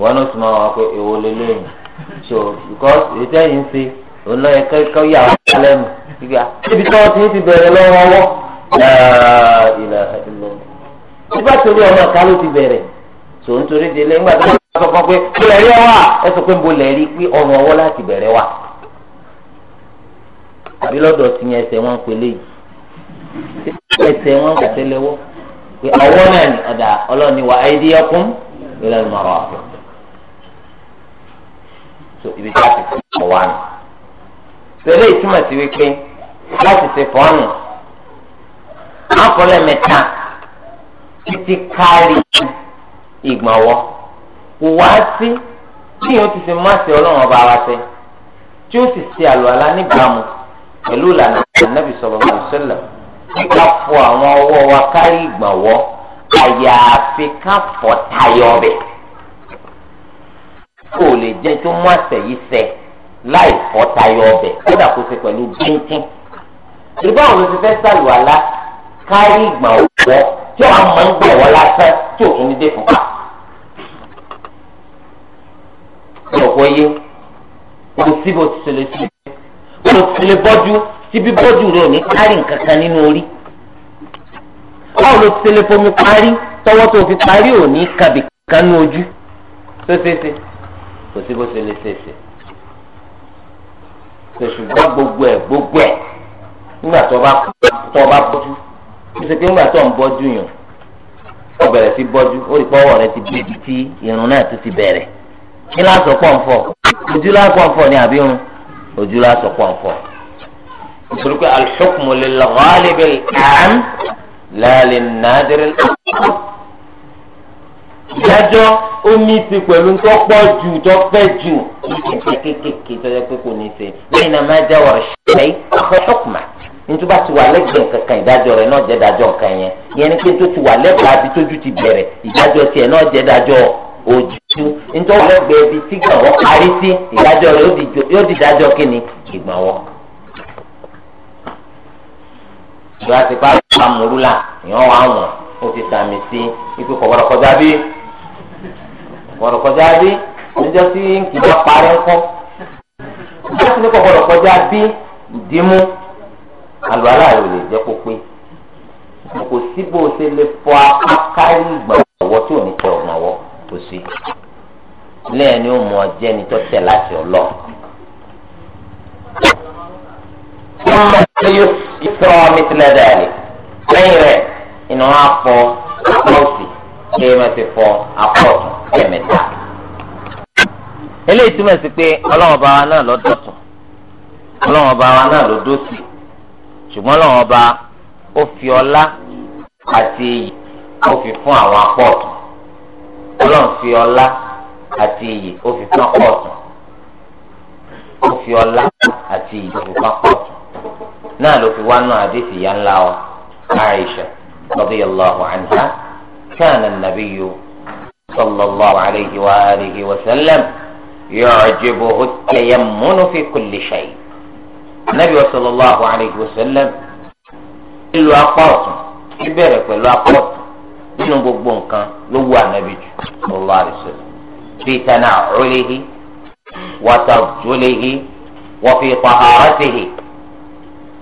wọn náà sì máa wà pé èwo lélẹ́yìn so because ìtẹ́yìn ṣe òun náà yẹ kẹ́kọ́ yà wá lẹ́nu gbígbà ibi tí wọ́n ti ti bẹ̀rẹ̀ lọ́wọ́ wọ́ ilẹ̀ ìlọ. tí bá torí ọmọ ká ló ti bẹ̀rẹ̀ tó ń torí délé ńgbà tó bá sọ fún pé mo lè rí ọ wá ẹ sọ pé mo lè rí pé ọrùn ọwọ́ láti bẹ̀rẹ̀ wá. àbí lọ́dọ̀ ti yẹn ẹsẹ̀ wọn pélé yìí ẹsẹ̀ wọn kò tẹ́lẹ̀ wọ́ pé ọwọ́ náà ni ọ̀dà ọlọ́ọ̀ni wà áyédéyẹkún ìlànà ọ̀rọ̀ àpò so ibi tí a ti fọ wá nù tẹlẹ ìtumọ̀ sí wípé láti ṣe fọ́ nù akọlẹ̀ mẹ́ta títí kárí ìgbọ̀nwọ́ kò wá sí bí yóò ti fi má ṣe ọlọ́run ọba wa ṣe tí ó sì ṣe àlùalá níbàámu pẹ̀lú ìlànà ànábì sọ̀rọ̀ mọ̀ọ́sẹ́lẹ̀ ká fọ àwọn ọwọ́ wa kárí ìgbọ̀nwọ́ àyàfi ká fọ tayọ bẹ́ẹ̀ kò lè jẹ́ tó mú àṣẹ yìí ṣẹ láì fọ́ tayọ ọbẹ̀ kódà kó ṣe pẹ̀lú bíntín. ìbá òun ti fẹ́ sàlùwàlá kárí ìgbà ọ̀wọ́ tí wọ́n máa ń gbọ̀wọ́ lásán tí òtún ní dé fún wa. ní ọ̀pọ̀ yé kò sí bó ti ṣe lè ṣe kò sí lè bọ́jú tí bí bọ́jú rẹ̀ ò ní kárí nǹkan kan nínú orí. báwo ló ti ṣe lè fomi parí tọwọ́ tó fi parí ò ní kàbìkan ní ojú kò sí bó ṣe lè ṣèṣe ṣùgbọ́n gbogbo ẹ̀ gbogbo ẹ̀ nígbà tó bá tó bá bọ́jú ó ṣe pé nígbà tó ń bọ́jú yàn ó bẹ̀rẹ̀ sí bọ́jú ó rí pọ́wọ́ rẹ ti débi tí irun náà tún ti bẹ̀rẹ̀ kí lásán pọ̀ ń fọ̀ ojú lásán pọ̀ ní àbí irun ojú lásán pọ̀ ń fọ̀ nítorí pé al-hukmu lil-ghalib al-'am la lin-nadir al-'am ìdájọ́ ó ní í ti pẹ̀lú tó pọ̀ jù tó fẹ́ jù ní kẹ̀kẹ́ kéékèèké tó yẹ pé kò ní í ṣe lẹ́yìn náà máa jáwọ́ rẹ̀ ṣẹlẹ̀ àkọ́ ṣọ́kùnmá nítorí bá ti wà lẹ́gbẹ̀ẹ́ kankan ìdájọ́ rẹ̀ náà jẹ́ dájọ́ nǹkan yẹn ìyẹn ni pé tó ti wà lẹ́gbẹ̀ẹ́ àbí tójú ti bẹ̀rẹ̀ ìdájọ́ tiẹ̀ náà jẹ́ dájọ́ ojú nítorí lẹ́gbẹ̀ẹ́ ibi tí gbàwọ́ parí sí ìdájọ́ rẹ̀ yóò di dájọ́ kíni ìgbàwọ́. ìgbà tí pàrọ̀ àmúrúlà ìyẹn wà wọ̀n ó ti sàmì sí ikú kọ̀wọ́rọ̀ kọjá bíi gbọ́dọ̀ kọjá bí níjọ́ tí nkìlá parí ńkọ́ níjọ́ tí nípa gbọ́dọ̀ kọjá bí dìímú àlùwàlá rẹ̀ ò lè jẹ́ kó pé kò sí bó ṣe lè fọ apá kárí ìgbà ọ̀wọ́ tí ò ní tẹ ọ̀gbọ̀n ọ̀wọ́ kò sí lẹ́yìn ni ó mọ jẹ́ ni tó tẹ̀ láti ọlọ́ ìfọ̀ mítìlẹ̀ dàlẹ́ lẹ́yìn rẹ̀ ìnáwó afọ apá òsì kí ẹ má ti fọ apá ọ̀tún. ẹ̀mẹ́ta eléyìí túmọ̀ sí pé ọlọ́run ọba wa náà ló dọ̀tún ọlọ́run ọba wa náà ṣùgbọ́n ọba ó fi ọlá àti iyì ó fi fún àwọn fi ọlá àti fi fún ó fi ọlá àti ó fi fún صلى الله عليه وآله وسلم يعجبه التيمن في كل شيء النبي صلى الله عليه وسلم ìlú akọ́ọ̀tún bíbẹ̀rẹ̀ pẹ̀lú akọ́ọ̀tún nínú gbogbo nǹkan ló wù ànábì jù sallallahu alaihi wasallam fi tana'ulihi wa tarjulihi wa fi taharatihi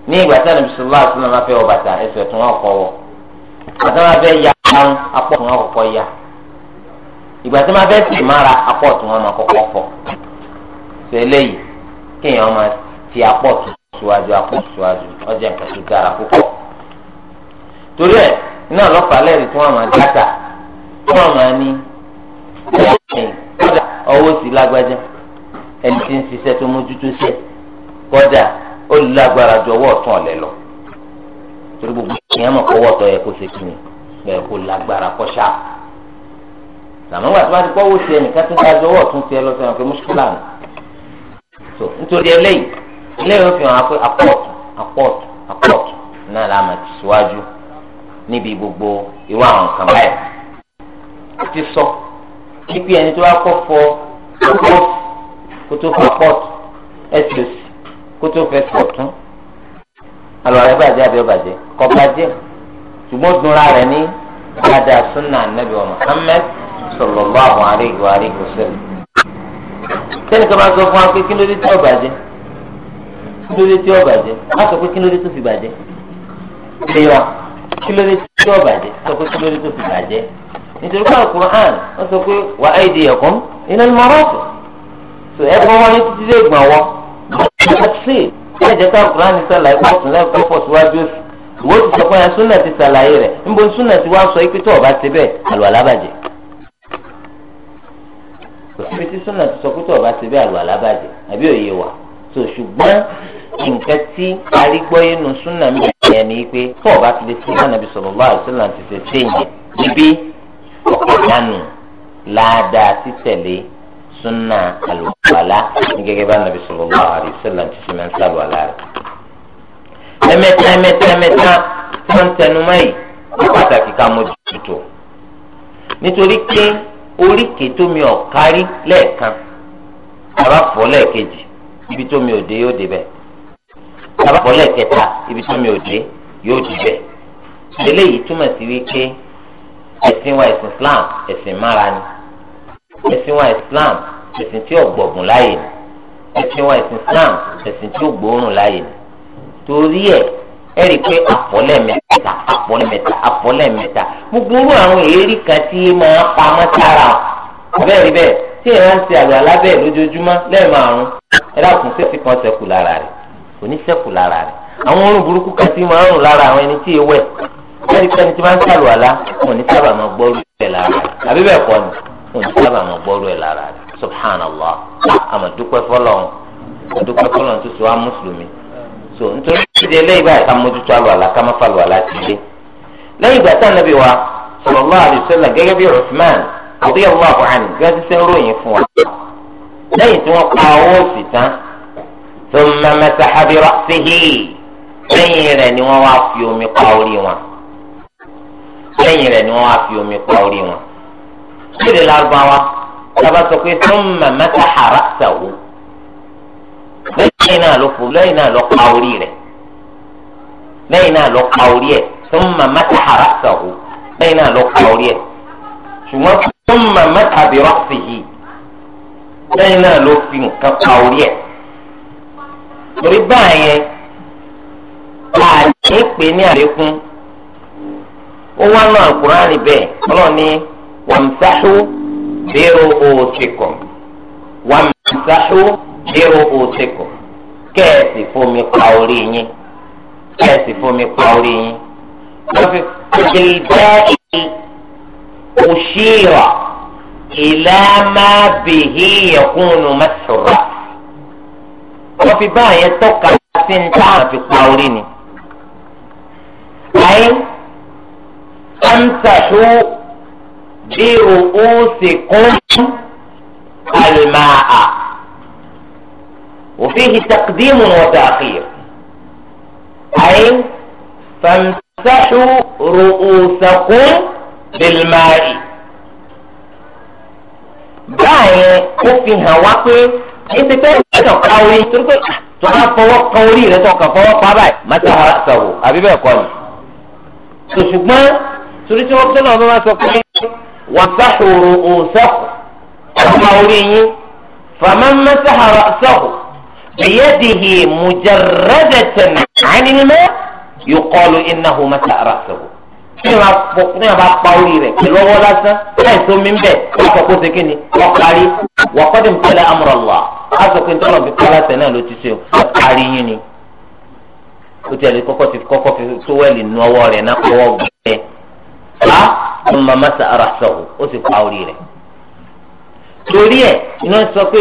ní ìgbà tí ànábì sallallahu alaihi wasallam máa fẹ́ wọ bàtà ẹsẹ̀ tún wọn kọ́ wọ bàtà máa fẹ́ ya apọ̀ tún wọn ìgbà tí wọ́n fẹ́ sì mára apọ̀tù wọn máa kọ́kọ́ fọ̀ sọ eléyìí kéèyàn máa ti apọ̀tù síwájú apọ̀tù síwájú ọjà nǹkan tó dára púpọ̀ torí ẹ̀ iná ọlọ́pàá lẹ́rìí tí wọ́n máa dáta tí wọ́n máa ní ẹ̀yìn kọ́dà ọwọ́ sí lágbájá ẹni tí ń ṣiṣẹ́ tó mójútó ṣe kọ́dà ó lágbára ju ọwọ́ ọ̀tún ọ̀lẹ́ lọ torí gbogbo ìyẹn mọ̀ kọ́wọ́ tọ́ yẹ kó ṣe kí ni bẹ́ẹ̀ kó lágbára kọ́ ṣáà àmọ́ wà tí wọ́n ti kọ́ wò sí ẹnìkan tó dájú ọwọ́ tún tiẹ̀ lọ sẹ́wọ̀n pé mùsùlùmí àná so nítorí eléyìí eléyìí ó fi hàn pé apọ́ọ̀tù apọ́ọ̀tù apọ́ọ̀tù náà la mà ti síwájú níbi gbogbo irú àwọn nǹkan báyìí ó ti sọ pípé ẹni tó bá kọ́ fọ apọ́ọ̀tù kó tó fọ apọ́ọ̀tù ẹsẹ̀ kó tó fẹsẹ̀ ọ̀tún alọ́ rẹ̀ bàjẹ́ àbí ọ̀bàjẹ́ kọ́ bàjẹ́ ṣùgbọ́n dunra rẹ̀ ní sallallahu alaihi wa alihi wasallam. sẹ́ni kan máa sọ fún wa pé kí ló dé tí ó bàjẹ́ kí ló dé tí ó bàjẹ́ má sọ pé kí ló dé tó fi bàjẹ́ lè kí ló dé tí ó sọ pé kí ló dé tó fi bàjẹ́ nítorí pé Al-Qur'an wọ́n sọ pé wa aydiyakum ila al-marafiq tó ẹ fọwọ́ ní títí ẹ jẹ́ ká ní sàlàyé pọ̀tún lẹ́kọ̀ọ́ pọ̀ síwájú ti sọ pé ẹ súnà ti sàlàyé rẹ̀ níbo súnà ti wá sọ ikú tó ọba ti bẹ́ẹ̀ àlùwàlá bàjẹ́ òfin tí súnà ti sọ pé tó ọba ti bẹ́ẹ̀ àlọ́ alábàjẹ́ àbí òye wà tó ṣùgbọ́n nǹkan tí arígbọ́yé nu súnà ń bẹ̀rẹ̀ yẹn ni pé tó ọba ti lè fi hàn nàbí sallallahu alaihi wasallam ti ṣe ṣe yẹn níbí ọ̀pọ̀dánù ládàá títẹ̀lé súnà àlùbọ̀lá ní gẹ́gẹ́ bá nàbí sallallahu alaihi wasallam ti ṣe máa ń sàlùbọ̀lá rẹ̀. ẹ̀mẹ́ta ẹ̀mẹ́ta ẹ̀mẹ́ta tó ń tẹnumọ́ yìí ó pàtàkì ká mójútó oríkèé tómi ọ̀kárí lẹ́ẹ̀kan ara fọ́ lẹ́ẹ̀kejì ibi tómi òde yóò dé bẹ́ẹ̀ ara fọ́ lẹ́ẹ̀kẹta ibi tómi òde yóò dé bẹ́ẹ̀ eléyìí túmọ̀ sí wípé ẹ̀sìn wa ẹ̀sìn Islam ẹ̀sìn mára ni ẹ̀sìn wa Islam ẹ̀sìn tí ò gbọ̀gùn láàyè ni ẹ̀sìn wa ẹ̀sìn Islam ẹ̀sìn tí ò gbóòórùn láàyè ni torí ẹ̀ ẹ rí i pé àpọ̀lẹ̀ mẹ́ta àpọ̀lẹ̀ mẹ́ta àpọ̀lẹ̀ mẹ́ta gbogbo irú àwọn èérí kan tí máa pamọ́ sára bẹ́ẹ̀ rí bẹ́ẹ̀ tí èèyàn ń ṣe àgbà lábẹ́ lójoojúmọ́ lẹ́ẹ̀márùn ẹ dákun ṣé ti kan ṣẹ́kù lára rẹ̀ kò ní ṣẹ́kù lára rẹ̀ àwọn orun burúkú kan tí máa ń rùn lára àwọn ẹni tí ewé ẹ rí i pé ẹni tí máa ń ṣàlùwàlá wọn ní sábà máa gbọ́rú ẹ̀ lára rẹ̀ àbí bẹ́ẹ̀ kọ́ ni wọn ní sábà máa gbọ́rú ẹ̀ lára rẹ̀ subhanallah àmọ̀ dúpẹ́ fọlọ́run dúpẹ́ fọlọ́run tó sọ wá mùsùlùmí so nítorí ìdíje lẹ́yìn báyìí ká mójútó àlùwàlá ká má falùwàlá ti dé lẹ́yìn ìgbà táwọn nàbí wa sallallahu alaihi gẹ́gẹ́ bí Uthman radiyallahu anhu gẹ́gẹ́ tí ń ròyìn fún wa lẹ́yìn tí wọ́n pa owó òsì tán lẹ́yìn rẹ̀ ni wọ́n wá fi omi pa orí wọn lẹ́yìn rẹ̀ ni wọ́n wá fi omi pa orí wọn sọ lẹ́yìn náà ló fò lẹ́yìn náà ló pa orí rẹ̀ lẹ́yìn náà ló pa orí ẹ̀ tó ń màmá ta ara sàwó lẹ́yìn náà ló pa orí ẹ̀ ṣùgbọ́n tó ń màmá tàbí rọ́ọ̀sì yìí lẹ́yìn náà ló fi nǹkan pa orí ẹ̀ torí báyẹn àti pé ní àlékún ó wá náà kúránì bẹ́ẹ̀ ọlọ́ọ̀ni wàmsáṣú bẹ́ẹ̀ o ò ti kọ̀ wàmsáṣú bẹ́ẹ̀ o ò ti kọ̀ kẹ́ẹ̀sì fomi pa orí yín kẹ́ẹ̀sì fomi pa orí yín wọ́n fi kọ́lé dáì òṣìrà ìlàmàbìhì ẹ̀kúnnù mẹ́sùrà wọ́n fi báyẹn tọ́ka sí ní táwọn fi pa orí ni. ayé amsahu bí ru'usikum almaa. وفيه تقديم وتأخير أي فامسحوا رؤوسكم بالماء باي كوفي هواكي انت تقول قوي تقول تقول تقول قولي لا تقول فوق قابي تقول تهرأسه أبي بيقول تشكما تريد وقت الله ما تقول وامسحوا رؤوسكم قولي فمن مسح رأسه بيده مجردة عن الماء يقال إنه مسح رأسه ní ma pọ ní ma pa orí rẹ̀ pẹ̀lú ọwọ́ lásán láì tó mi ń bẹ ọkọ kó ṣe kíni ọkàrí wàkọdé nkẹlẹ amúrọlá aṣọ pé ntọ́nà fi kọ́lá tẹ̀ náà ló ti ṣe ọkàrí yín ni ó ti ẹ̀rí kọ́kọ́ fi kọ́kọ́ fi tówẹ́lì nu ọwọ́ rẹ̀ náà kọ́wọ́ gbẹ fa ọmọ masa ara sọ̀rọ̀ ó sì pa orí rẹ̀ torí ẹ̀ iná sọ pé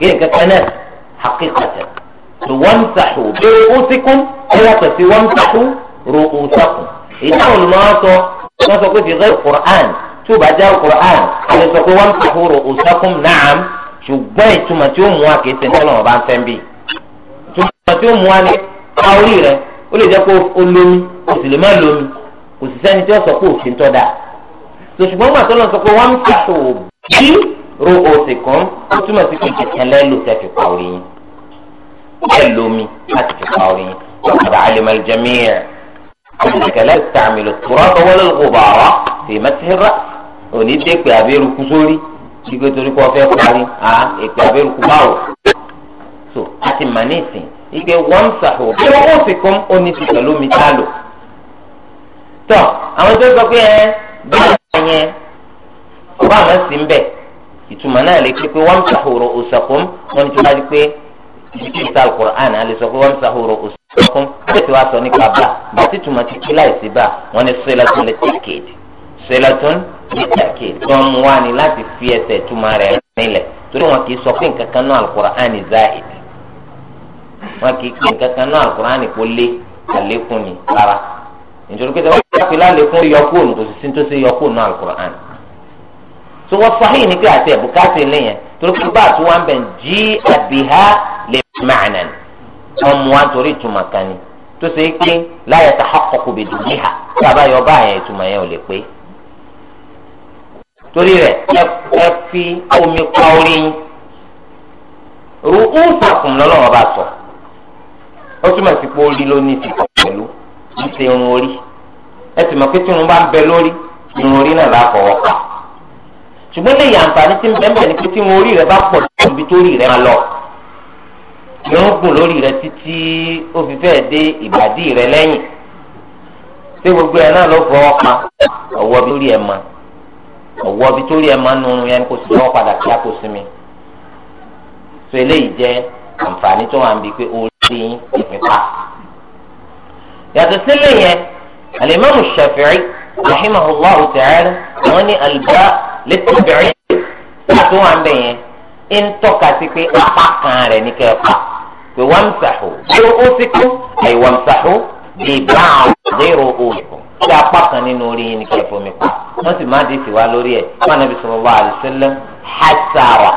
kéè kankan náà hakikata tó wọ́n sàkó bẹ́ẹ̀ ó ti kún ó yàtọ̀ sí wọ́n sàkó ro ó sàkó ìdá olùmọ̀ sọ wọ́n sọ pé fìgẹ́ qur'an tó bá já qur'an àwọn sọ pé wọ́n sàkó ro ó sàkó naam ṣùgbọ́n ìtumọ̀ tí ó mú wa kìí sẹ́ńtẹ́ lọ́wọ́ bá ń fẹ́ bí ìtumọ̀ tí ó mú wa ní káwórí rẹ ó lè jẹ́ kó o lómi kò sì lè má lómi kò sì sẹ́ni tí ó sọ pé òfin tọ́ da ṣùgbọ́n gbàtọ́ lọ sọ pé wọ́n sàkó bí ro òsè kan ó túmọ̀ sí kéèké kan lẹ́lò tẹ́ fi pa orí yín bẹ́ẹ̀ lomi láti fi pa orí yín ọ̀kadà alima jẹ́míẹ̀ olùdíkẹ̀lẹ́ tààmìlò tòrọ́ tọwọ́lẹ́ lóko bàárà tèmẹ́tẹ́rà òní dé pé abẹ́rùkú sórí ṣígbé torí kó fẹ́ parí à èpè abẹ́rùkú báwò so àti màníìsìn ìgbé wọ́n sàhó bí wọ́n ó sì kún òní ti pẹ̀lú mi tá lò tọ́ àwọn tó sọ pé ẹ bí wọ́n yẹn ọba àmọ́ sí ń bẹ̀ ìtumọ̀ náà lè pé wọ́n sàhóró òsàkùn wọ́n ti wá pé ìdíkì ìta alukur'an a lè sọ pé wọ́n sàhóró òsàkùn wọ́n ti wá sọ nípa bá bàtí tuma ti kí láì sí bá wọ́n ní sẹ́lẹ̀tún lè tẹ̀kéèdì sẹ́lẹ̀tún lè tẹ̀kéèdì tó ń wá ní láti fi ẹsẹ̀ tuma rẹ̀ nílẹ̀ torí wọn kì í sọ pé nǹkan náà alukur'an zaid wọn kì í pé nǹkan náà alukur'an kò lé àlékún ni rárá nítorí pé tó wọ́n sahih ní àti ẹ̀bùkátì lé yẹn torí pé bá ji wọn ń jí lè mú wa torí ìtumọ̀ kan ni tó ṣe é pé la yatahaqqaqu bi yọ bá àyẹ̀ ìtumọ̀ yẹn ò lè pé torí ẹ fi omi pa orí yín ru'usakum lọ́lọ́wọ́ bá sọ ó ṣùgbọ́n lè yàn àǹfààní tí bẹ́ẹ̀ ni pé tí mo rí rẹ bá pọ̀ níbi tó rí rẹ máa lọ yóò gùn lórí rẹ títí ó fi fẹ́ẹ̀ dé ìbàdí rẹ lẹ́yìn ṣé gbogbo ẹ̀ náà ló fọwọ́ pa ọ̀wọ́ bí lórí ẹ̀ ma ọ̀wọ́ bí tó rí ma nùrù yẹn kò sí lọ́wọ́ padà kí á kò sí mi so eléyìí jẹ́ àǹfààní tó wà ń bi pé orí yín ìpínpá yàtọ̀ sílẹ̀ yẹn Al-Imam Shafi'i. رحمه الله تعالى، ní àlùbá للتبعيد، láti wọn bẹ̀ yẹn ń tọ́ka sí pé apá kan rẹ̀ ní kẹfà pé wọ́n ń sàhó bí ó sì kú àyè wọ́n ń sàhó bí bá àwọn àdéhùn òòlù tí apá kan nínú orí yín ní kẹfà omi pa wọ́n sì máa dìtì wá lórí ẹ̀ wọ́n nàbí sallallahu alaihi wasallam hasara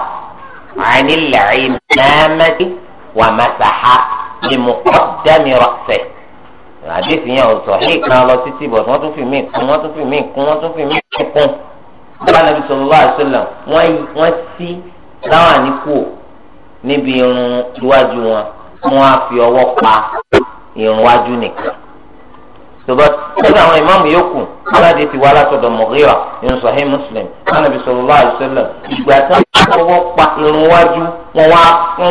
anil imamati wa masaha bi muqaddami ra'sihi àdéhùn yẹn ò sọ hí kan lọ títí bọ̀ wọ́n tún fi mí kún wọ́n tún fi mí kún wọ́n tún fi mí kún. bá a nàbí sallallahu alaihi wasallam wọ́n sí láwọn àníkù níbi irun iwájú wọn wọ́n á fi ọwọ́ pa irun iwájú nìkan. sọba sọdọ àwọn ìmáàmù yòókù aládé ti wá látọ̀dọ̀ Mughira irun Sahih Muslim bá a nàbí sallallahu alaihi wasallam ìgbà tí wọ́n fọwọ́ pa irun iwájú wọ́n wá pa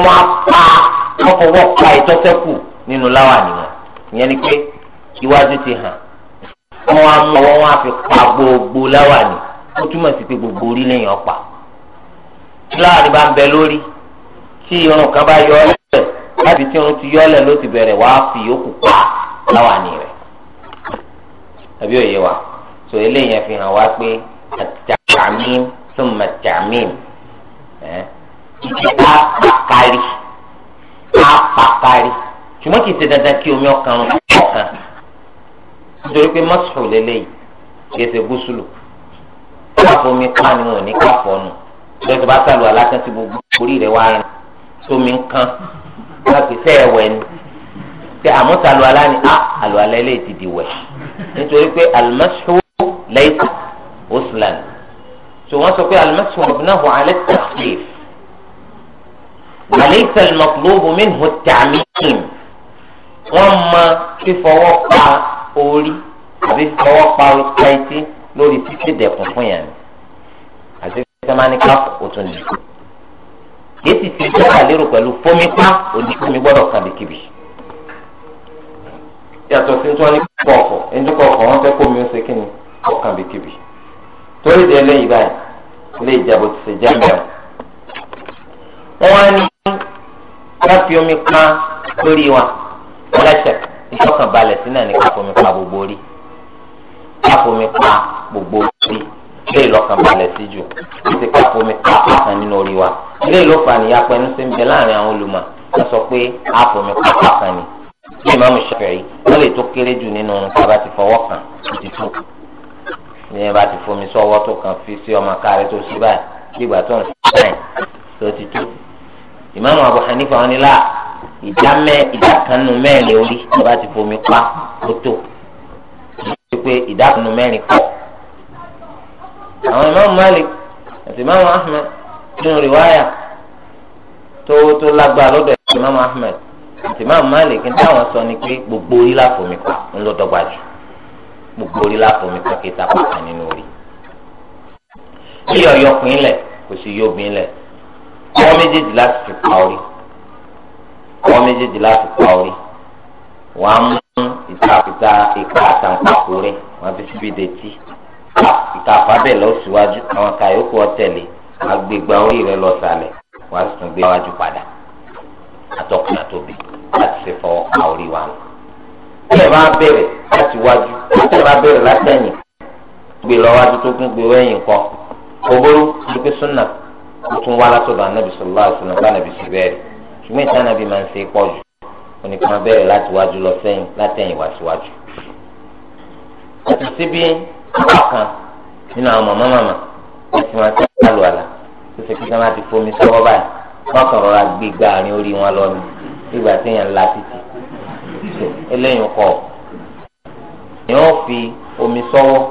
wọ́n fọwọ́ pa ìtọ́sẹ́kù nínú láwọn àníyàn ìyẹn ni pé iwájú ti hàn wọn wá mú ọwọ́ wọn á fi pa gbogbo láwàní ó túmọ̀ sí pé gbogbo orí lẹ́yìn ọ̀pá láàrin bá ń bẹ lórí tí irun kan bá yọ ọ́ lẹ̀ láti tí irun ti yọ ọ́ lẹ̀ ló ti bẹ̀rẹ̀ wá fi yòókù pa láwàní rẹ̀ àbí òye wa tó eléyìí fi hàn wá pé àtàmím súnmọ́ àtàmím ẹ̀ kíkẹ́ á pàkárí ṣùgbọ́n kì í ṣe dandan kí omi ọkàn ọkàn nítorí pé mọ́sùlù lélẹ́yìí kì í ṣe gúúsùlù káfọ́ omi kan ni wọn ò ní káfọ́ nù lọ́sọ̀ bá sàlù aláṣẹ tí gbogbo orí rẹ̀ wá rìn sómi ń kan láti fẹ́ ẹ̀wẹ̀ ni tẹ àmọ́ sàlù alá ni ah, àlù alẹ́ lè ti wẹ̀ nítorí pé alimọ́sùlù lẹ́yìn oslan tí wọ́n sọ pé alimọ́sùlù náà wà á lẹ́sẹ̀ àlẹ́ ìsẹ̀lẹ̀ mọ̀kúlóhùn mí wọ́n mọ fífọwọ́ pa orí àbí fífọwọ́ pa ọ̀ka etí lórí títí dẹ̀kùn fún yẹn àti sẹ́mánikà òtún ni kìí sì ti dọ́kà lérò pẹ̀lú fómipá onífómi gbọ́dọ̀ kan bìkìbì yàtọ̀ sí tí wọ́n ní kọ̀ọ̀kọ̀ ẹni kọ̀ọ̀kọ̀ wọ́n fẹ́ kó mi ó ṣe kí ni ọ̀kan bìkìbì torí di ẹlẹ́yìí báyìí ilé ìjàbọ̀ ti ṣe jáde ọ̀ wọ́n á ní ká fi omi pa lórí wa ọlẹ́sẹ̀ ìṣọ̀kan balẹ̀ sí náà ní káfomi pa gbogbo rí káfomi pa gbogbo rí ilé ìlọ́kan balẹ̀ sí jù títí káfomi pa kan nínú orí wa ilé ìlọ́fà ni apẹnu sí ń bẹ láàrin àwọn olùmọ̀ wọ́n sọ pé àfomi pa kan ni bí ìmáàmù Ṣáfi'í wọ́n lè tó kéré jù nínú ohun tí a bá ti fọwọ́ kàn ti tó ní ẹ bá ti fomi sọ́wọ́ tó kàn fi sí ọmọ kárí tó sí báyìí bí ìgbà tó ń sọ Abu Hanifa wọn ni láà ìdá mẹ ìdá kan nu mẹ́rin orí tó bá ti fomi pa ó tó ṣe pé ìdá kan nu mẹ́rin pọ̀. àwọn ìmáàmù Malik àti ìmáàmù Ahmed nínú rìwáyà tó tó lágbára lọ́dọ̀ ìmáàmù Ahmed àti ìmáàmù Malik ní táwọn sọ ni pé gbogbo orí la fomi pa ńlọdọgba jù gbogbo orí la fomi pa kí ta pàtàkì nínú orí. yíyọ yọkùnrin lẹ kò sí yóò bí lẹ ọwọ́ méjèèjì láti fi pa orí ọwọ́ méjèèjì láti pa orí wàá mú ìtàkùtà ìka àtàǹpàkò rẹ̀ wàá fi síbi detí ìka àfábẹ̀ lọ síwájú àwọn kàyókù ọ̀tẹ̀lẹ̀ agbègbè orí rẹ̀ lọ sàlẹ̀ wàá sì tún gbé wájú padà àtọkùn àtòbí láti ṣe fọ àórí wa nù. tẹ́lẹ̀ bá bẹ̀rẹ̀ láti wájú tẹ́lẹ̀ bá bẹ̀rẹ̀ látẹ̀yìn gbé lọ wájú tó kún gbé wẹ́yìn kọ́ ògbóró dúpẹ́ súnà ó tún wá látọ̀dọ̀ anábìsọ̀lá àti ṣùgbọ́n ìtàn nàbí máa ń ṣe pọ̀ jù oníkan bẹ̀rẹ̀ láti wájú lọ sẹ́yìn látẹ̀yìn wá síwájú. àti síbi ọ̀kan nínú àwọn màmá màmá wọ́n ti máa tẹ́ àlù àlà tó ṣe pé kí wọ́n ti fomi sọ́wọ́ báyìí wọ́n kàn rọra gbé gbàrin orí wọn lọ ní ìgbà téèyàn la títì eléyìí kọ̀ èèyàn fi omi sọ́wọ́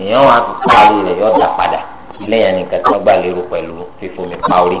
èèyàn wà á fi parí rẹ̀ yọ̀dà padà iléyàn nìkan tí wọ́n gbà lérò pẹ̀lú fífomi pa orí.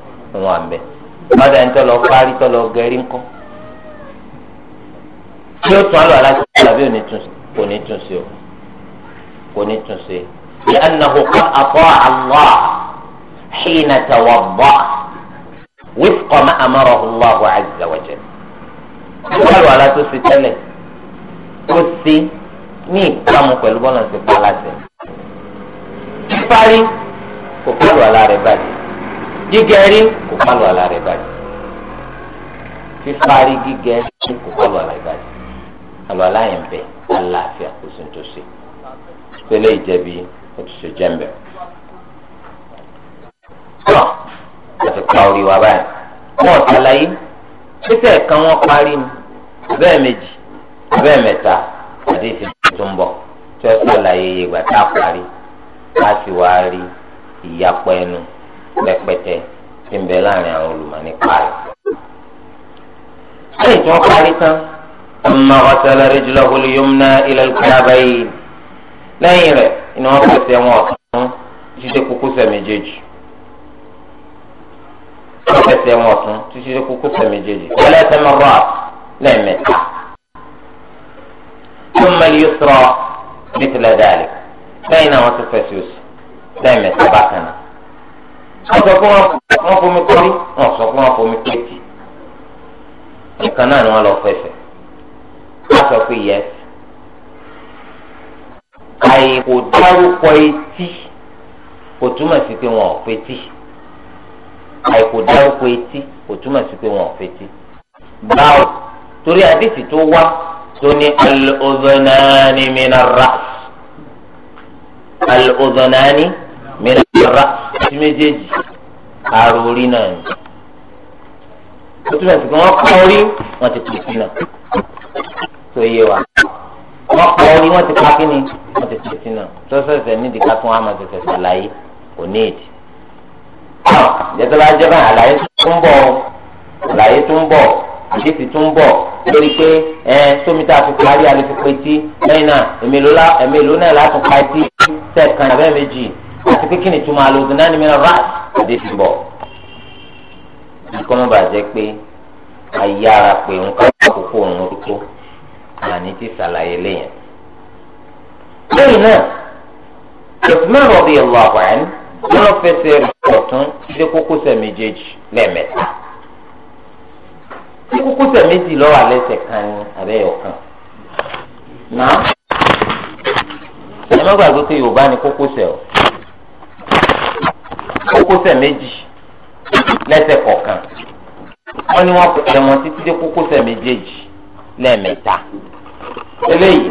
wọn àmbẹ lọ́dà ń tọ́ lọ parí tọ́ lọ gẹ̀rí ńkọ́ tí ó tún àlọ́ aláṣẹ tàbí kò ní tún sí o kò ní tún sí i annahu qad ata'a Allah hina tawadda'a wifqa ma amarahu Allahu azza wa jalla wọ́n àlọ́ aláṣẹ sí tẹ́lẹ̀ ó sí ní ìpamọ́ pẹ̀lú bọ́lá ti pa parí kò kọ́ àlọ́ báyìí gígẹrí kò bá lu àlá rẹ báyìí fífarí gígẹrí kò bá lu àlá rẹ báyìí àlọ́ aláyẹn bẹ aláàfin àkóso tó ṣe pẹ̀lẹ́ ìjẹbi ó ti ṣe jẹmbẹ. tọ́ àti pa orí wa báyìí wọ́n ṣàlàyé títẹ̀ kan wọ́n parí ni bẹ́ẹ̀ méjì bẹ́ẹ̀ mẹ́ta àti ìfìdí tó ń bọ̀ tí wọ́n ṣàlàyé ìgbà tá a parí láti wá rí ìyapọ̀ ẹnu rẹpẹtẹ tí ń bẹ láàrin àwọn olùmọ̀ nípa rẹ̀. lẹ́yìn tí wọ́n parí tán ọmọ ọ̀sẹ̀lẹ̀ rẹ̀jùlọ olùyọ́mùnà ilẹ̀ ìkàbà yìí lẹ́yìn rẹ̀ ni wọ́n fẹsẹ̀ wọn ọ̀tún títí kúkú sẹ̀méjèèjì wọ́n fẹsẹ̀ wọn ọ̀tún títí kúkú sẹ̀méjèèjì ẹlẹ́sẹ̀mọ́rọ́ lẹ́ẹ̀mẹ́ta tó mẹ́lẹ́ yóò sọ̀rọ̀ nítorí ẹ̀dá rẹ̀ náà wọ́n ti fẹsẹ̀ oṣù lẹ́ẹ̀mẹ́ta bákan náà wọ́n sọ fún wọn fomi kọ́rí wọ́n sọ fún wọn fomi kéèkì nìkan náà ni wọ́n lọ fẹsẹ̀ wọ́n sọ pé yẹs àìkò dárúkọ etí kò túmọ̀ sí pé wọn ò fetí àìkò dárúkọ etí kò túmọ̀ sí pé wọn ò fetí báwo torí àdìsí tó wá tó ní al-udhunani min ar-ra's al-udhunani mìíràn yàrá sí méjèèjì àrò orí náà ni ó túmọ̀ sí pé wọ́n kọ́ orí wọ́n ti pè sí náà tó yé wa wọ́n kọ́ orí wọ́n ti pa kíni wọ́n ti pè sí náà tó sẹ̀sẹ̀ nídìí ká tún wọn á máa sẹ̀sẹ̀ ṣàlàyé kò ní èdè. ìjẹ́tọ́ bá jẹ́ báyìí àlàyé tó ń bọ̀ àlàyé tó ń bọ̀ àdéhùn tó ń bọ̀ lórí pé ẹ tómi tá a fi parí a lè fi pe tí lẹ́yìn náà èmi ló náà látún pa etí sẹ́ẹ̀kan àbẹ́ méjì àti pé kí ni túmọ̀ àlògùn náà ni mi rà àdé ti bọ̀ kọ́mọ́ bàjẹ́ pé ayára pé nǹkan àkókò òun tó àní ti ṣàlàyé lẹ́yìn. lẹ́yìn náà Uthman radiyallahu anhu wọn fẹsẹ̀ rẹ̀ ọ̀tún dé kókósẹ̀ méjèèjì lẹ́ẹ̀mẹ́ta tí kókósẹ̀ méjì lọ́wọ́ àlẹ́sẹ̀ kan ní abẹ́ ọ̀kan náà ẹ̀ má gbàgbé pé Yorùbá ni kókósẹ̀ ọ̀ kókósẹ̀ méjì lẹ́sẹ̀ kọ̀ọ̀kan wọ́n ní wọ́n pẹ̀lẹ́ wọn títí dé kókósẹ̀ méjèèjì lẹ́ẹ̀mẹ́ta eléyìí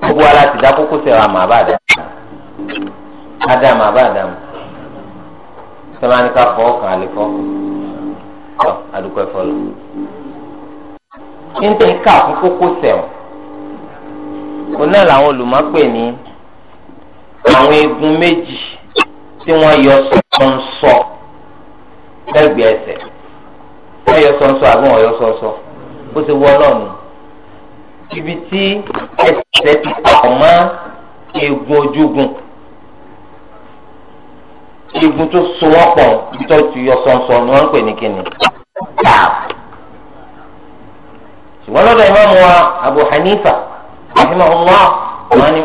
gbogbo ara ti dá kókósẹ̀ wa màá bá dá adá màá bá dá mu sẹ́wọ́n á ní ká fọ́ ọkàn àlè fọ́ ọ àdúgbò ẹ̀fọ́ lọ níta ìka fún kókósẹ̀ wọn òun náà làwọn olùmọ̀ pè ní àwọn eegun méjì tí wọ́n yọ sọ̀nsọ̀ lẹ́gbẹ̀ẹ́ ẹsẹ̀ wọ́n yọ sọ̀nsọ̀ àbí wọ́n yọ sọ̀nsọ̀ bó ti wọ́ náà nù. ibi tí ẹsẹ̀ ti pọ̀ mọ́ eegun ojúgun eegun tó so wọ́n pọ̀ ibi tó ti yọ sọ̀nsọ̀ ni wọ́n ń pè ní kíni. ṣùgbọ́n lọ́dọ̀ ìmáàmù wa Abu Hanifa rahimahullah wọ́n ní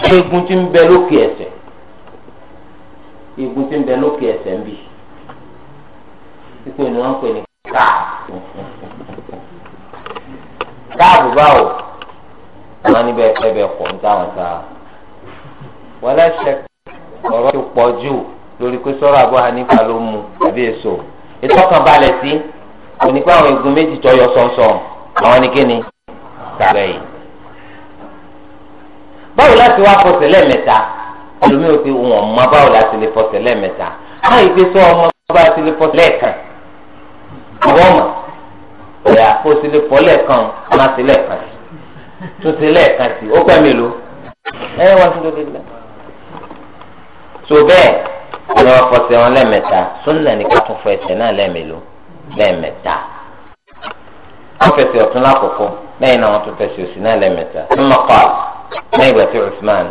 egun tí ń bẹ lókè ẹsẹ̀ egun tí ń bẹ lókè ẹsẹ̀ ń bì pípé ni wọ́n ń pè ní káàbù káàbù báwo wọ́n níbẹ̀ ẹbẹ̀ pọ̀ ń táwọn ta wọ́n lẹ́sẹ̀ ọ̀rọ̀ ti pọ̀ jù lórí pé sọ́rọ̀ àbọ̀ Hanifa ló mu àbí èso ìtọ́kànbalẹ̀ sí onípa àwọn egun méjì tó yọ sọ́nsọ́n àwọn ni kíni báwo láti wá fọsẹ̀ lẹ́ẹ̀mẹ́ta ẹlòmíì ò fi wọn mọ báwo láti lè fọsẹ̀ lẹ́ẹ̀mẹ́ta láì fi sọ ọmọ bá ti lè fọsẹ̀ lẹ́ẹ̀kan àwọn ọmọ ìyá kó ti lè fọ lẹ́ẹ̀kan má ti lẹ́ẹ̀kan tó ti lẹ́ẹ̀kan sí ó pẹ́ mélòó ẹ wá sí lóde lẹ́ so bẹ́ẹ̀ ni wọ́n fọsẹ̀ wọn lẹ́ẹ̀mẹ́ta sunna ní ká tún fọ ẹsẹ̀ náà lẹ́ẹ̀mélòó lẹ́ẹ̀mẹ́ta wọ́n fẹsẹ̀ ọ̀tún lákòókò lẹ́yìn náà wọ́n tún fẹsẹ̀ òsì náà lẹ́ẹ̀mẹ́ta lẹ́yìn ìgbà tí Uthman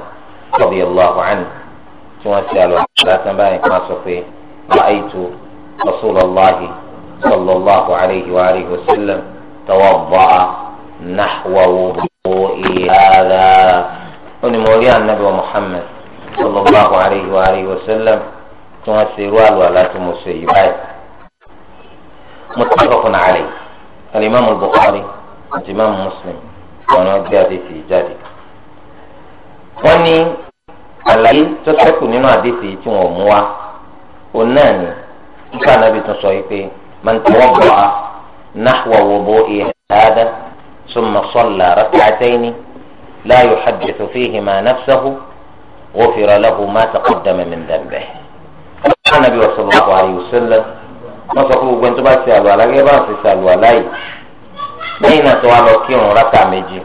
radiyallahu anhu tí wọ́n ṣe àlọ́ lásán báyìí kan sọ pé ra'aytu rasulallahi sallallahu alayhi wa alihi wa sallam tawadda'a nahwa wudu'i hadha ó ní mo rí ànábì wa Muhammad sallallahu alayhi wa alihi wa sallam tí wọ́n ṣe irú àlọ́ aláṣẹ mo ṣe yìí báyìí. متفق عليه الإمام البخاري الإمام مسلم ونوجه في جديد wọ́n ní àlàyé tó ṣẹ́kù nínú àdéhùn tí wọ́n mú wa òun náà ni nípa nàbí tún sọ yìí pé man tawadda'a nahwa wudu'i hadha thumma salla rak'atayni la yuhaddithu fihima nafsahu ghufira lahu ma taqaddama min dhanbihi. Ànábì sallallahu alayhi wa sallam wọ́n sọ fún gbogbo ẹni tó bá ti àlùwàlá gẹ́gẹ́ bá ń fi ṣàlùwàlá yìí lẹ́yìn náà tó wá lọ kírun rákà méjì.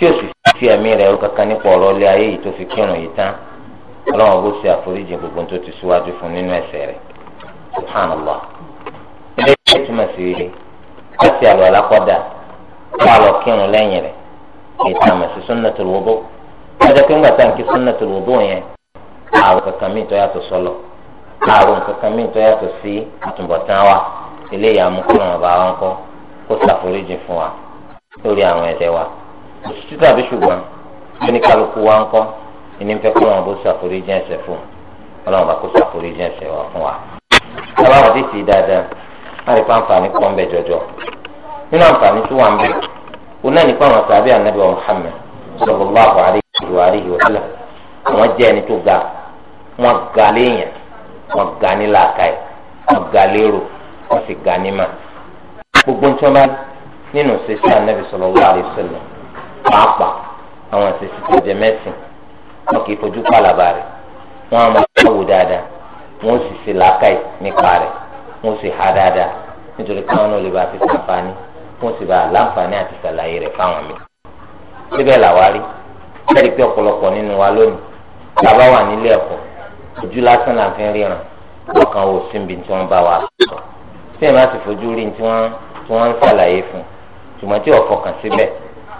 tí o sì fi ẹ̀mí rẹ̀ kankan nípa ọ̀rọ̀ ilé ayé yìí tó fi kírun yìí tán ọlọ́run bó ṣe àforíjì gbogbo tó ti síwájú fún nínú ẹ̀ṣẹ̀ rẹ̀ subhanallah ilé yìí túmọ̀ sí rere láti àlọ́ alákọ̀dà wà lọ kírun lẹ́yìn rẹ̀ èyí a mọ̀ sí sunnatul wudu ọjọ́ pé ńgbà yẹn kankan míì tó yàtọ̀ sọlọ kankan míì tó yàtọ̀ sí ilé ìyàmú kírun wa kó ṣàforíjì fún wa lórí àwọn títí àbí ṣùgbọ́n ẹni kálukú wa ń kọ́ ẹni fẹ́ kó wọn bó ṣàforíjì ẹ̀ṣẹ̀ fún ọlọ́run bá kó ṣàforíjì ẹ̀ṣẹ̀ wà fún wa. sábà wọn ti tì í dáadáa wọn rí pàǹfààní pọ̀ ń bẹ jọjọ nínú àǹfààní tó wà ń bẹ òun náà nípa àwọn sàbí ànábì Muhammad sallallahu alaihi wa sallam àwọn jẹ́ ẹni tó ga wọn ga léèyàn wọn ga ní làákàyè wọn ga lérò wọn sì ga ní mà gbogbo ń tọ́ bá nínú ṣe sí ànábì sallallahu alaihi wa sallam pàápàá àwọn àṣẹṣe tó jẹ mẹ́sìn wọn kì í fojú pàlàbà rẹ̀ wọn á máa wò dáadáa wọn ó sì ṣe làákàyè nípa rẹ̀ wọn ó sì há dáadáa nítorí káwọn náà lè bá fi sàǹfààní wọn sì bá àlàǹfààní àti sàlàyé rẹ̀ fáwọn mi. síbẹ̀ làwárí sẹ́ẹ̀dí pé ọ̀pọ̀lọpọ̀ nínú wa lónìí bàbá wà nílé ẹ̀kọ́ ojú lásán là ń fi ríran ọkàn wò síbi tí wọ́n bá wa sọ. sẹ́ẹ̀ má sì fojú rí tí wọ́n ń sàlàyé fún ṣùgbọ́n tí ọ̀fọ̀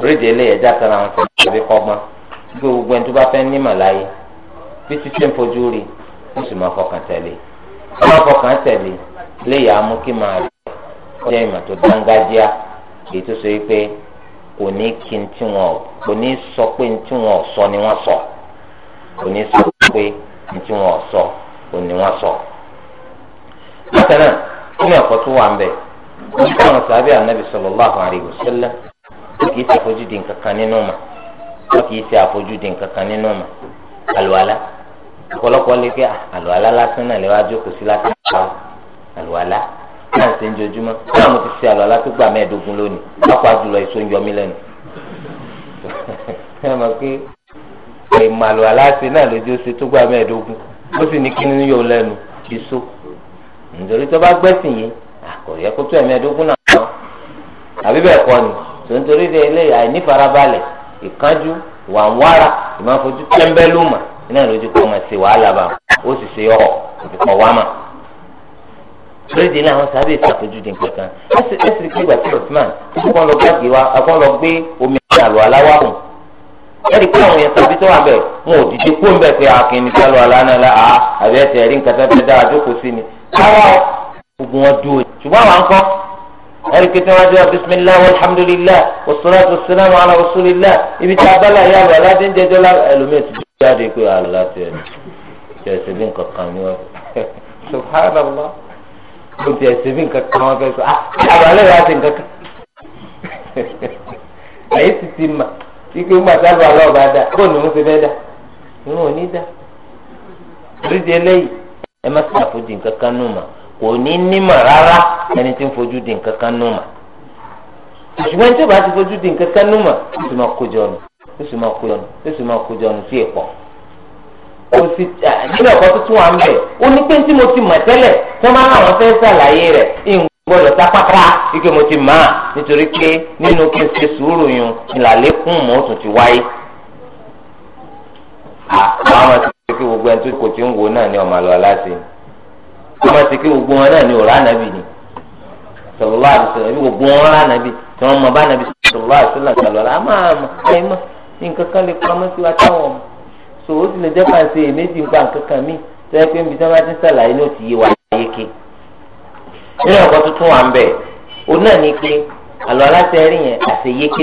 rédíò eléyẹ jákèrè àwọn tó tàbí kọ́gbọ́n gbé gbogbo ẹni tó bá fẹ́ ní màláyé bí títí ń fojú rí ó sì máa fọkàn tẹ̀lé ó máa fọkàn tẹ̀lé léyìí amú kí máa rí sọ pé kò ní kí n tí wọn kò ní sọ pé n tí wọn sọ ni sọ kò ní sọ ni ọ̀pọ̀ tó wọn kì í ṣe àfojúdi nǹkan kan nínú mà wọn kì í ṣe àfojúdi nǹkan kan nínú mà àlùwàlá ọ̀pọ̀lọpọ̀ lè pé ah, àlùwàlá lásán náà lè wá jókòó sí lásán náà àlùwàlá náà ṣe ń jojúmọ́ náà mo ti ṣe àlùwàlá tó gbà mẹ́ẹ̀ẹ́dógún lónìí lọ́pọ̀ àjùlọ èso ń yọ mí lẹ́nu ẹ mọ̀ pé ìmọ̀ àlùwàlá ṣe náà lójú ó ṣe tó gbà mẹ́ẹ̀ẹ́dógún ó sì ní kí ni yóò lẹ́nu èso nítorí tó bá gbẹ́sìn yìí àkọ̀yẹ́ kó tó ẹ̀mẹ́ẹ̀dógún náà àbí bẹ́ẹ̀ kọ́ ni tontorí de eléyà àìnífarabalẹ̀ ìkánjú wàǹwàrà ìmáfojú tẹ́ńbẹ́lúmà iná lójú kọ́ máa ṣe wàhálà bá ó sì ṣe ọ̀ òfin kọ̀ wá mà. lórídì náà àwọn sábẹ́ ìṣàfojú di nǹkan kan ẹsẹ̀ ẹsẹ̀ kí ìgbà tí Usman akọ́n lọ gbàgbé wa akọ́n lọ gbé omi àlọ́ aláwọ̀ hùn. ẹ̀rí pé àwọn yẹn sábẹ́ tó wà bẹ̀ wọn ò dìde kó ń bẹ̀ pé akínní ah, kálọ̀ aláná la àá ah, àbí ẹ̀tẹ̀ rí nǹkan tó fẹ́ dára jókòó sí ni. káwá ẹ̀rí pé tí wọ́n jẹ́ bisimilá alhamdulilá wasalaatu wasalaamu ala rasulilá ibi tí abala yà lọ aládé ń jẹjọ́ ẹlòmíì ti jáde pé aláàtì ẹ̀ ṣe ṣe bí nǹkan kan ní wọn subhanallah kò tiẹ̀ ṣe bí nǹkan kan wọn fẹ́ sọ àbálẹ̀ yà ti nǹkan kan àyè ti ti mà ike ń gbàtà lọ àlọ́ ọba dá kó ní wọn dá ìwọ̀n ò ní dá oríṣi eléyìí ẹ má ṣàfojì nǹkan kan nù mọ́. kò ní nímọ̀ rárá ẹni tí ń fojú di nǹkan kan nù mà ṣùgbọ́n ẹni tí ó bá ti fojú di nǹkan kan nù mà ó sì máa kójọ nù ó sì máa kójọ nù ó sì máa kójọ nù sí kò sí nínú ẹ̀kọ́ tuntun wa ń bẹ̀ ó ní pé tí mo ti mọ̀ tẹ́lẹ̀ tí wọ́n rẹ̀ sápápá ike mo ti mọ̀ nítorí pé nínú kí n ṣe sùúrù yun mọ́ tún ti wáyé ọmọ ti kí gbogbo wọn náà ní ọ̀rọ̀ ànábì ni sọlọ́lá àbísọ̀lá ẹbí gbogbo wọn rà ànábì tí wọ́n mọ bá ànábì sọlọ́lá àbísọ̀lá sọlọ́lá a máa mọ ẹ mọ ní nǹkan kan lè pamọ́ sí wa táwọn ọmọ so ó sì lè jẹ́ pàṣẹ èméjì ń pa nǹkan kan mí tó yẹ pé níbi tí wọ́n bá ti ń sàlàyé ní òtí yé wa yéke. nínú ẹ̀kọ́ tuntun wa ń bẹ̀ o náà ní pé àlọ́ aláṣẹ yẹn àṣeyékí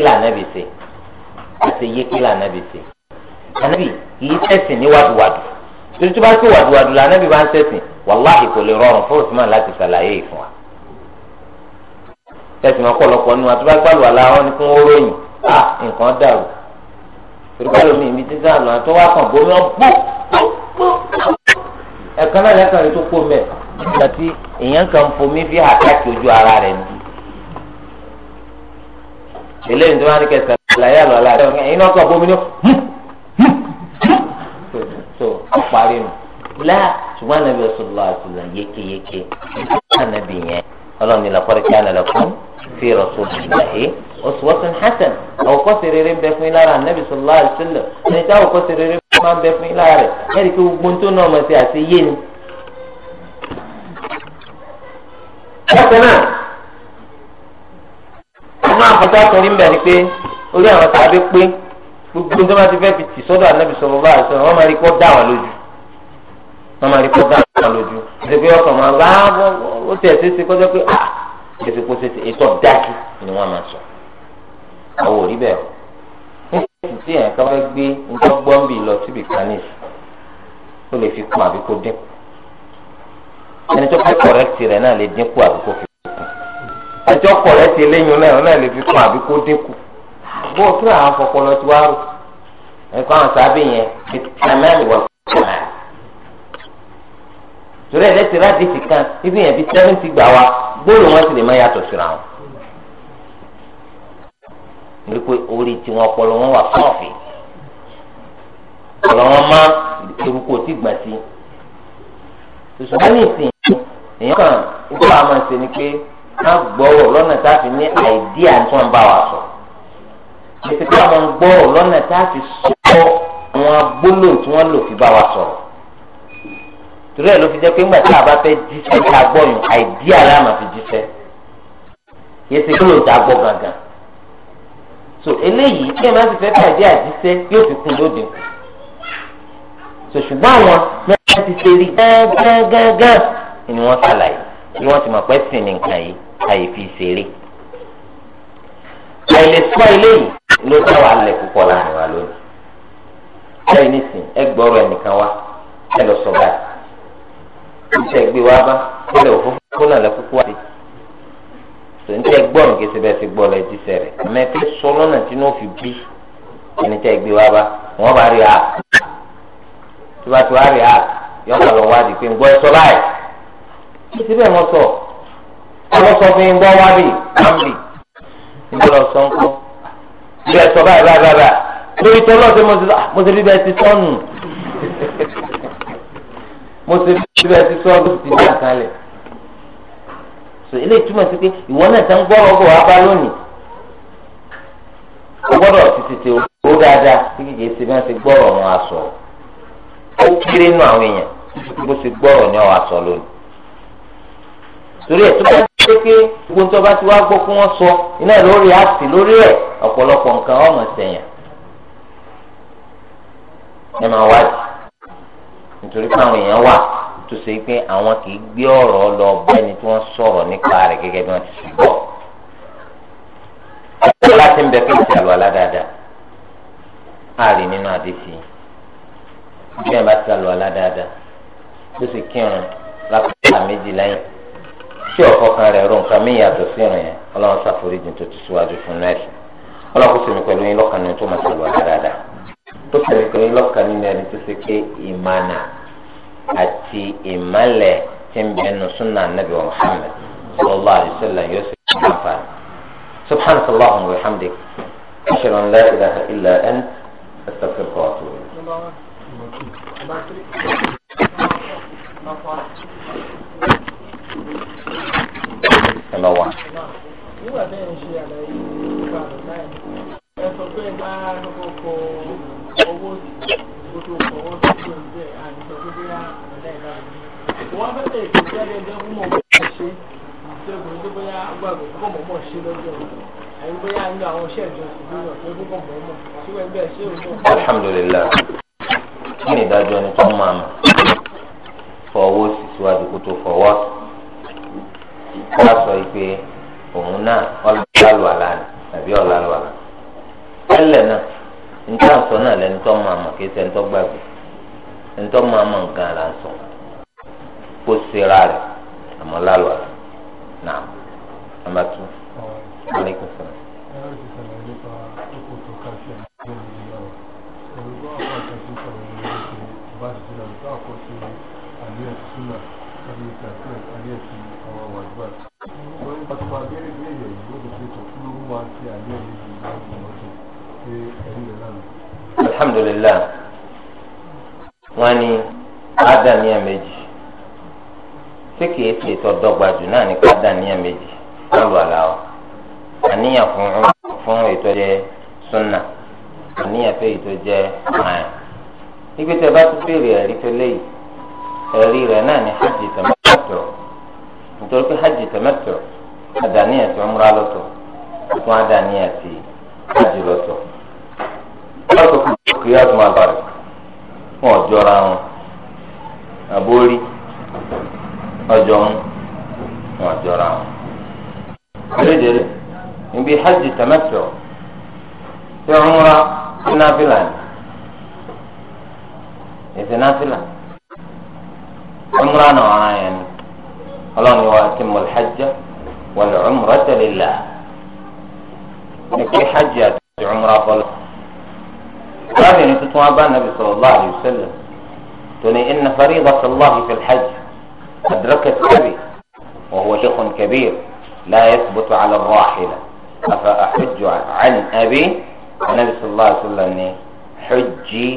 lànàbì wàláhì kò lè rọrùn fún Usman láti ṣàlàyé ìfún wa. tẹ̀sí ma pọ̀lọpọ̀ nu àti báyìí pàlọ́ àlá wọn ni kún ó ròyìn à ah, nǹkan dàrú. pèrèkà lómi ìbí títí àná tó wá kàn bómi wọn bó ẹ̀kan náà lẹ́kàn rẹ̀ tó kó mẹ́ àti èèyàn kan fomi fi àtàkì ojú ara rẹ̀ ni. eléyìí tó wá ní kẹsàn-án àlàyé àlọ́ àlàyé ẹ̀yin náà kàn bómi ní so ọ̀parí nù la ṣùgbọ́n anabi ọ̀sọ̀lọ́ àtúnlá yékéyéké anabi yẹn ọlọ́run ní laqad kana lakum fi rasulillahi uswatun hasan àwòkọ́ṣe rere ń bẹ fún ilára anabi sọ̀lọ́ àtúnlá ẹni tí àwòkọ́ṣe rere máa ń bẹ fún ilára rẹ̀ ẹni tí gbogbo tó náà mọ̀ sí àti yé ni. bákan náà ọmọ àkọ́tà kan ní bẹ̀ ni pé orí àwọn tàbí pé gbogbo tó ti fẹ́ fi tì sọ́dọ̀ anabi sọ̀rọ̀ bá àṣọ wọn máa rí kó dá wọn lójú wọn máa rí kó dáa náà lójú ṣe pé ọkàn máa bá ó tiẹ̀ ṣe é ṣe kọjá pé ah ètò kó ṣe ṣe ètò dájú ni wọn máa sọ àwọn òrí bẹ́ẹ̀ nígbà tí èèyàn kan fẹ́ gbé nǹkan gbọ́ǹbì lọ síbi kanis ó lè fi kún àbí kó dín ẹni tó fẹ́ kọ̀rẹ́tì rẹ̀ náà lè dín àbí kó fi kún ẹni tó kọ̀rẹ́tì eléyìn náà náà lè fi kún àbí kó dín bó o kí àwọn afọpọlọ ti wá rò ẹ̀kọ́ àwọn sábẹ́ yẹn ti tẹ̀mẹ́rin wọ̀ fún torí ẹ̀ lẹ́sìn láti fi kan ibi yẹn fi sẹ́fẹ̀ntì gbà wá gbóòrò wọn sì lè má yàtọ̀ síra wọn. nítorí pé orí tiwọn ọpọlọ wọn wà sọ́ọ̀fì ọpọlọ wọn má eruku òtí gbà sí. ṣùgbọ́n ní ìsìn èèyàn kan ikú àwọn àṣẹ ni pé má gbọ́rọ̀ lọ́nà tá a fi ní àìdíà tí wọ́n bá wa sọ. èsì pé àwọn gbọ́rọ̀ lọ́nà tá a fi sọ àwọn gbólóhùn tí wọ́n lò fi bá wa sọ̀rọ̀ torí ẹ̀ ló fi jẹ́ pé ńgbà tí a bá fẹ́ jíṣẹ́ tá a gbọ́ yùn àìdí àlámà fi jíṣẹ́ yẹ ṣe kí ló ń ta gbọ́ gangan so eléyìí kí ẹ má sì fẹ́ pàdé àjíṣẹ́ yóò fi kún lóde kù so ṣùgbọ́n àwọn mẹ́ta ti ṣe rí gángangán ni wọ́n ṣàlàyé ni wọ́n ti mọ̀ pé sìn ní nǹkan yìí àyè fi ṣeré àìlè sọ eléyìí ló dá wa lẹ̀ púpọ̀ láàrin wa lónìí ẹ̀yin nísìn ẹ gbọ́rọ̀ ẹnìkan wá ẹ lọ sọ báyìí ìṣe ìgbé wa bá kọlẹ òfófó náà lẹ kúkú wá sí tò ń tẹ gbọ́ nǹkan ṣe bẹ́ẹ̀ ti gbọ́ lẹ jíṣẹ́ rẹ̀ àmọ́ ẹtí sọ lọ́nà tí wọ́n fi bí ẹni tẹ ìgbé wa bá wọ́n bá rí a tí wọ́n ti wá rí a yọ ọ́ lọ wádìí pé ń gbọ́ báyìí kí mọ sọ ọmọ sọ fún gbọ́ wádìí àmì níbo lọ sọ ń kọ́ bí báyìí báyìí báyìí lórí tọ́lọ́ sí mo ti rí bẹ́ẹ̀ ti tọ́nù mo ti fi bẹ́ẹ̀ ti sọ ọdún ti dá kalẹ̀ so eléyìí túmọ̀ sí pé ìwọ náà ti ń gbọ́rọ̀ bọ̀ wá bá lónìí o gbọ́dọ̀ ti tètè owó dáadáa kí kìkì ṣe bí wọ́n ti gbọ́rọ̀ wọn aṣọ ó kéré nù àwọn èèyàn títí bó ṣe gbọ́rọ̀ ni ọ̀ aṣọ lónìí torí ẹ̀ tó bá ṣe pé gbogbo tó bá ti wá gbọ́ kí wọ́n sọ iná lórí àti lórí ẹ̀ ọ̀pọ̀lọpọ̀ nǹkan ọ̀mọ̀ sẹ̀yìn ẹ̀ máa wájú nítorí pé àwọn èèyàn wà tó ṣe pé àwọn kì í gbé ọ̀rọ̀ lọ bẹ́ni tí wọ́n sọ̀rọ̀ nípa rẹ̀ gẹ́gẹ́ bí wọ́n ti sùn bọ̀. ọ̀rọ̀ láti ń bẹ kí ìṣe àlọ́ aládáadáa á rí nínú àdéfì bí ẹ̀ bá ti àlọ́ aládáadáa tó sì kírun lápá méjì lẹ́yìn tí ọ̀fọ́ kan rẹ̀ rò nǹkan mí yàtọ̀ sí ìrìn yẹn ọlọ́run ṣàforíjì tó ti síwájú fún nẹ́ẹ̀sì ọlọ́run kò sì mí pẹ̀lú yín lọ́kàn ní tó tó tẹ̀lé pé lọ́kàn nínú ẹni tó ṣe pé ìmànà àti ìmàlẹ̀ ti ń bẹnu súnà nàbì wa Muhammad sallallahu alayhi wa sallam yóò ṣe kí wọ́n fa subhanahu wa ta'ala wa hamdik ashhadu an la ilaha illa ant astaghfiruka wa atubu ilayk. ẹ lọ wá nígbà tí ẹ ń ọwọ́ sí kó tó fọwọ́ sí kó ń bẹ̀ àti sọ pé bóyá ọ̀dà wọ́n fẹ́ bẹ̀rẹ̀ sí jáde ẹgbẹ́ fún mọ̀ mọ̀ ṣe ṣẹ́gun tó bóyá gbàgbọ́ fún mọ̀ mọ̀ ṣe lọ́jọ́ àyè bóyá nínú àwọn iṣẹ́ ìjọsìn lórí ọ̀fẹ́ fún mọ̀ mọ̀ ṣé wọ́n bẹ̀ ṣé òun kí ni ìdájọ́ ẹni tó máa mọ̀ fọwọ́ sí síwájú kó tó fọwọ́ kọ́ sọ pé òun náà ọlọ́ọ̀lù àlá tàbí ọ̀làlù tẹ́lẹ̀ náà níta sọ náà lẹni tó máa mọ̀ kí sẹ́ni tó gbàgbé ẹni tó máa mọ̀ nǹkan ara ń sọ kó sera rẹ̀ àmọ́ lálọ́ rẹ̀ náà nàmbà alhamdulilayi wọ́n ní adaniya méjì tí kìí ṣe ìtọ́dọ́gba jù náà ní ká adaniya méjì lọ́lù àníyàn fún fún ètò jẹ súnà àníyàn fún ètò jẹ ibi tẹ bá tún béèrè tó léyìí náà hajj nítorí pé hajj múra hajj ọlọ́sọ̀ fún kìyà tó máa bàrẹ̀ wọn jọra wọn àbórí ọjọ́ wọn wọn jọra wọn. àlejòrè níbi hajj tamattu ṣé umra sí náfìlà ni èsì náfìlà umra náà wọn yẹn ni ọlọ́run wa atimmul hajja wal umrata lillah ní kí hajj àti umra fọlọ́. arábìnrin tuntun wa bá nàbì sallallahu alayhi wa sallam tóní inna faridata Allahi fil hajj adrakat abi wa huwa shaykhun kabir la yathbutu ala ar-rahila afa ahujju an abi anabi sallallahu alayhi wa sallam ni hujji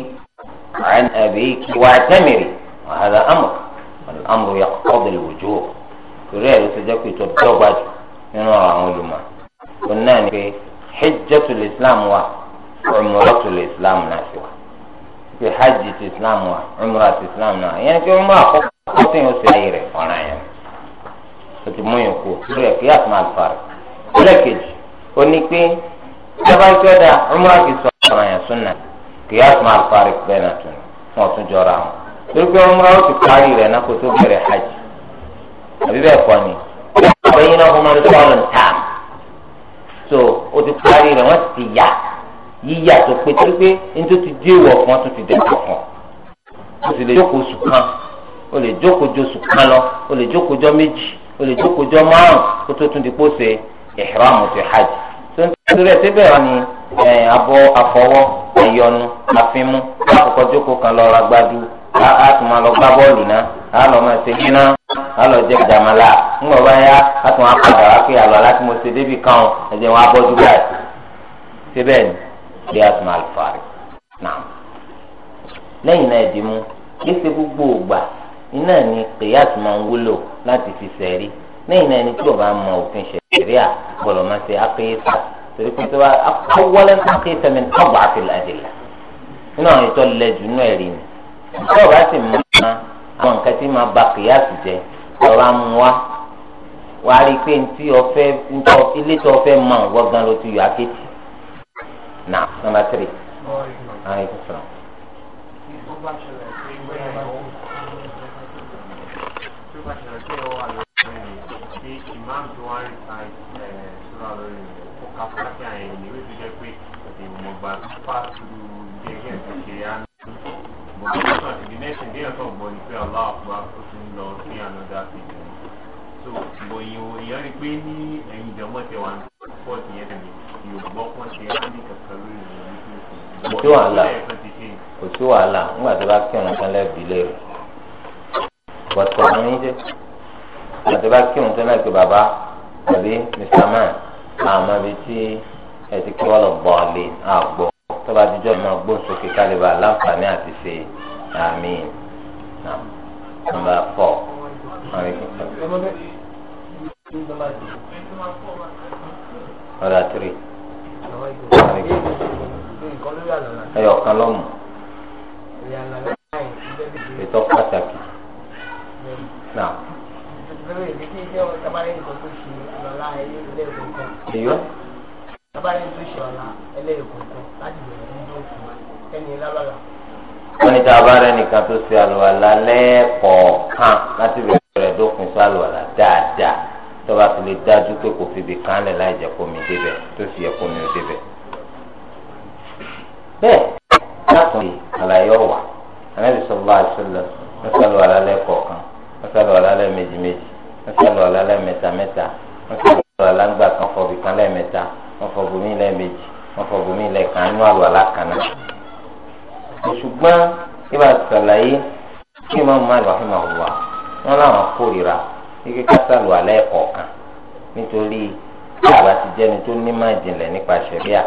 عن أبيك واعتمري وهذا أمر الأمر يقتضي الوجوب تريد تجاكي تتوبج من وراء علماء قلنا حجة الإسلام واحد umratu islam náà ti wà ti hajj ti islam wa umra ti islam náà ìyẹn ti umra àkọ́kọ́ tí yóò ṣe ayé rẹ̀ ọ̀ràn yẹn o ti mú yòókù lórí ẹ̀kí àtúmọ̀ àlùfáàrẹ̀ ẹlẹ́kejì o ní pé sábà ń tẹ́ da umra ti sọ ọ̀ràn yẹn sunna kì í àtúmọ̀ àlùfáàrẹ̀ bẹ́ẹ̀ náà tún wọn tún jọra wọn torí pé umra ó ti parí rẹ̀ náà kó tó bẹ̀rẹ̀ hajj àbí bẹ́ẹ̀ kọ́ ni ọ̀bẹ yín náà so o ti parí rẹ̀ yíyà tó pé torí pé nítorí ti dé ìwọ̀ fún ọ tó ti dẹ̀kọ̀ fún ọ o sì lè jókòó oṣù kan o lè jókòó jọ oṣù kan lọ o lè jókòó jọ méjì o lè jókòó jọ márùn kó tó tún di pò ṣe ìhram ti hajj tó ń torí ẹ síbẹ̀ wọn ni abọ́ afọwọ́ ẹ̀yọnu àfimú àkọ́kọ́ jókòó kan lọ ra a tún máa lọ gbá bọ́ọ̀lù náà a lọ máa ṣe yíná a lọ jẹ jàmàlà ńgbọ̀ bá yá a tún máa padà wá pé àlọ́ aláti mo ṣe débì kan ẹ̀jẹ̀ wọn abọ́jú báyìí síbẹ̀ ni bí asma alifari náà lẹ́yìn náà ẹ̀dì mú kése gbogbo ògbà iná ni kìyàtì máa ń wúlò láti fi sẹ̀rí lẹ́yìn náà ẹni tí o bá mọ òfin ṣẹ̀rí à gbọ́dọ̀ máa ṣe akéésà torí pé tí wọ́n akọ́wọ́lẹ́ akéésà mi ọgbà àti làdìlà nínú àwọn ètò ọ̀lẹ́jù náà ẹ̀rí ni tí o bá sì mú àwọn nǹkan tí máa ba kìyàtì jẹ ọ̀rọ̀ amúwá wàá rí i pé ntí ọ̀fẹ́ ilé tí ọ̀fẹ́ máa ń ló ti yọ akéèkì na nọmba tiri ayi kò sọ̀rọ̀. So, bọ̀ yìí o, ìyá rí kò sí wàhálà kò sí wàhálà nígbà tó bá kírun tán lẹ́bi lé rẹ̀ bọ̀tọ̀ ní í jẹ́ nígbà tó bá kírun tán lẹ́bi bàbá tàbí mr man àmọ́ bíi tí ẹ ti kí wọ́n lọ bọ̀ lé àgbọ̀ tó bá dijọ́ náà gbóǹsókè kálíbà láǹfààní àti ṣe àmì nàmbà fọ́ ọ̀rẹ́kùnkùn. ọ̀rẹ́ àtúrẹ́ ẹyọkan lọ́mù ètò pàtàkì náà. èyí tabarí tó ṣe ọ̀la ẹlẹ́yìnkọ̀ọ̀kan láti bẹ̀rẹ̀ ní ìdókòwò ẹni lábàlá. wọ́n ní tá a bá rẹ nìkan tó ṣe àlùwàlá lẹ́ẹ̀kọ̀ọ̀kan láti bẹ̀rẹ̀ dókun sí àlùwàlá dáadáa tọ́ba ti lè dájú pé kò fi bì kánlẹ̀ láì jẹ́ kómi débẹ̀ tó sì yẹ kómi ó débẹ̀. bẹ́ẹ̀ látọ̀ yìí àlàyé ọ̀wà anábì sọ̀rọ̀ àṣọlẹ̀ mọ́sálù alálẹ̀ kọ̀ọ̀kan mọ́sálù alálẹ̀ méjì méjì mọ́sálù alálẹ̀ mẹ́ta mẹ́ta mọ́sálù alágbà kan fọ bì kánlẹ̀ mẹ́ta wọ́n fọ bùnmí lẹ́ẹ̀mejì wọ́n fọ bùnmí lẹ́ẹ̀kan inú àlọ́ alákanná. ṣùgbọ́n ibà sàlàyé kí wọ́n máa lọ́ ike kásálù alẹ́ kọ̀ọ̀kan nítorí àbá ti jẹ́ni tó ní máa jìnlẹ̀ nípa ṣẹ̀ríà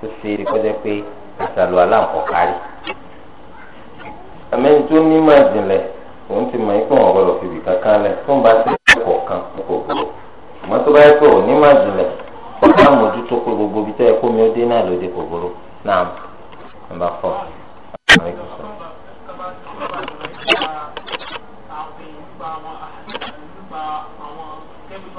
tó ṣe é kọjá pé kásálù aláǹkọ̀kárí. àmẹ́ni tó ní máa jìnlẹ̀ òun ti mọ̀ ikú wọn gbọ́dọ̀ fìbì kankan lẹ̀ tó ń bá ṣe é kọ̀ọ̀kan kò gbọ́dọ̀ àmọ́ tó bá yẹ pé òun ní máa jìnlẹ̀ ọ̀gá àmójútó pé gbogbo ibi tó yẹ kó mi ó dé náà lóde kò gbọ́dọ̀ náà nàbà fọ́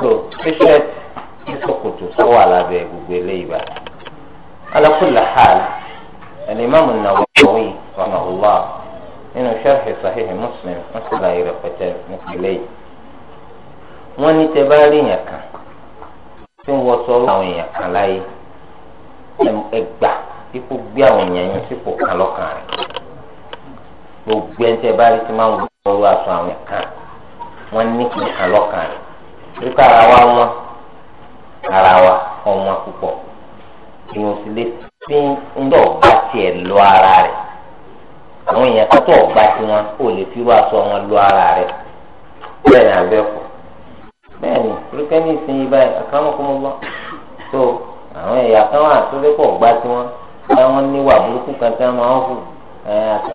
so patient ní sòkòtò sọ́wọ́ alábẹ́ gbogbo eléyìí bá ala kulli hal al-imam an-Nawawi rahimahullah nínú sharhi sahih Muslim wọ́n sì láyé rẹpẹtẹ nípa eléyìí wọ́n ní tẹ bá rí yàn kan tí ń wọ àwọn èèyàn kan láyé ẹgbà ipò gbé àwọn èèyàn yẹn sípò kan lọ́kàn rẹ̀ gbogbo ẹni tẹ bá rí tí máa ń wọ sọ́wọ́ àtún àwọn èèyàn kan wọ́n ní kìkan lọ́kàn rẹ̀. nípa ara wa arawa ara wa ọmọ púpọ̀ ìwọ̀n sì lè fi ńdọ̀ bá lọ ara rẹ̀ àwọn èèyàn tó tọ̀ tí wọn ò lè fi wá wọn lọ ara rẹ̀ bẹ́ẹ̀ ni àbẹ́ kù bẹ́ẹ̀ ni pírípẹ́ ní ìsinyìí báyìí àkàmọ́kọ́mọ́gbọ́n tó àwọn táwọn níwà burúkú kan tí máa ń hù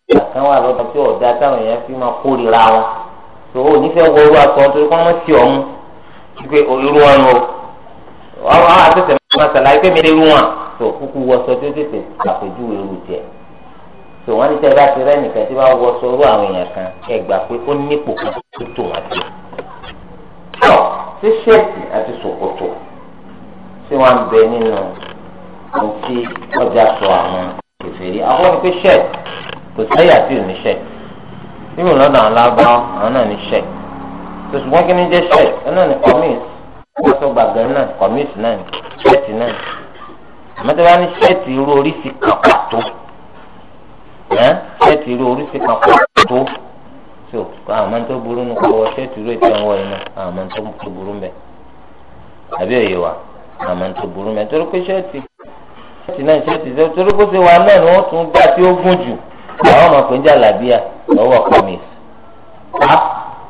tí táwọn èèyàn fi máa wọn tó nífẹ̀ẹ́ kọ́ mọ́ pé irú wọn o àwọn àtẹ̀tẹ̀ máa ṣàlàyé pé mi lè rú wọn tó kúkú wọṣọ tó tètè àpèjúwe irú jẹ tó wọn ní tẹ bá ti rẹ nìkan tí wọn wọṣọ irú àwọn èèyàn kan ẹ gbà pé ó nípò kan tó tó wọn jù tó ṣé ṣẹ́ẹ̀tì àti ṣòkòtò tí wọn bẹ nínú ohun tí ọjà sọ àwọn kèfèrí àwọn ni pé ṣẹ́ẹ̀tì kò sẹ́yà tí ò ní ṣẹ́ẹ̀tì nínú lọ́dọ̀ àwọn lábá àwọn náà ní ṣẹ́ẹ̀tì ṣùgbọ́n kí ni jẹ́ ṣẹ́ ẹ náà ní kọ́míìsì wọ́n sọ gbàgbẹ́ náà kọ́míìsì náà ní ṣẹ́ẹ̀tì náà àmọ́tẹ́ bá ní ṣẹ́ẹ̀tì irú oríṣi kan pàtó ṣẹ́ẹ̀tì irú oríṣi kan pàtó so àwọn máa ń tó burú nu kọ́ ṣẹ́ẹ̀tì irú ètò ẹ̀wọ̀ yìí náà àwọn máa ń tó burú mbẹ́ àbí òye wa àwọn máa ń tó burú mbẹ́ torí pé ṣẹ́ẹ̀tì ṣẹ́ẹ̀tì náà ṣẹ́ẹ̀tì ṣẹ́ẹ̀tì torí pé ṣe wa náà ni wọ́n tún gbà tí ó gùn jù àwọn ọmọ pé ń jà làbíyà lọ́wọ́ kọ́míìsì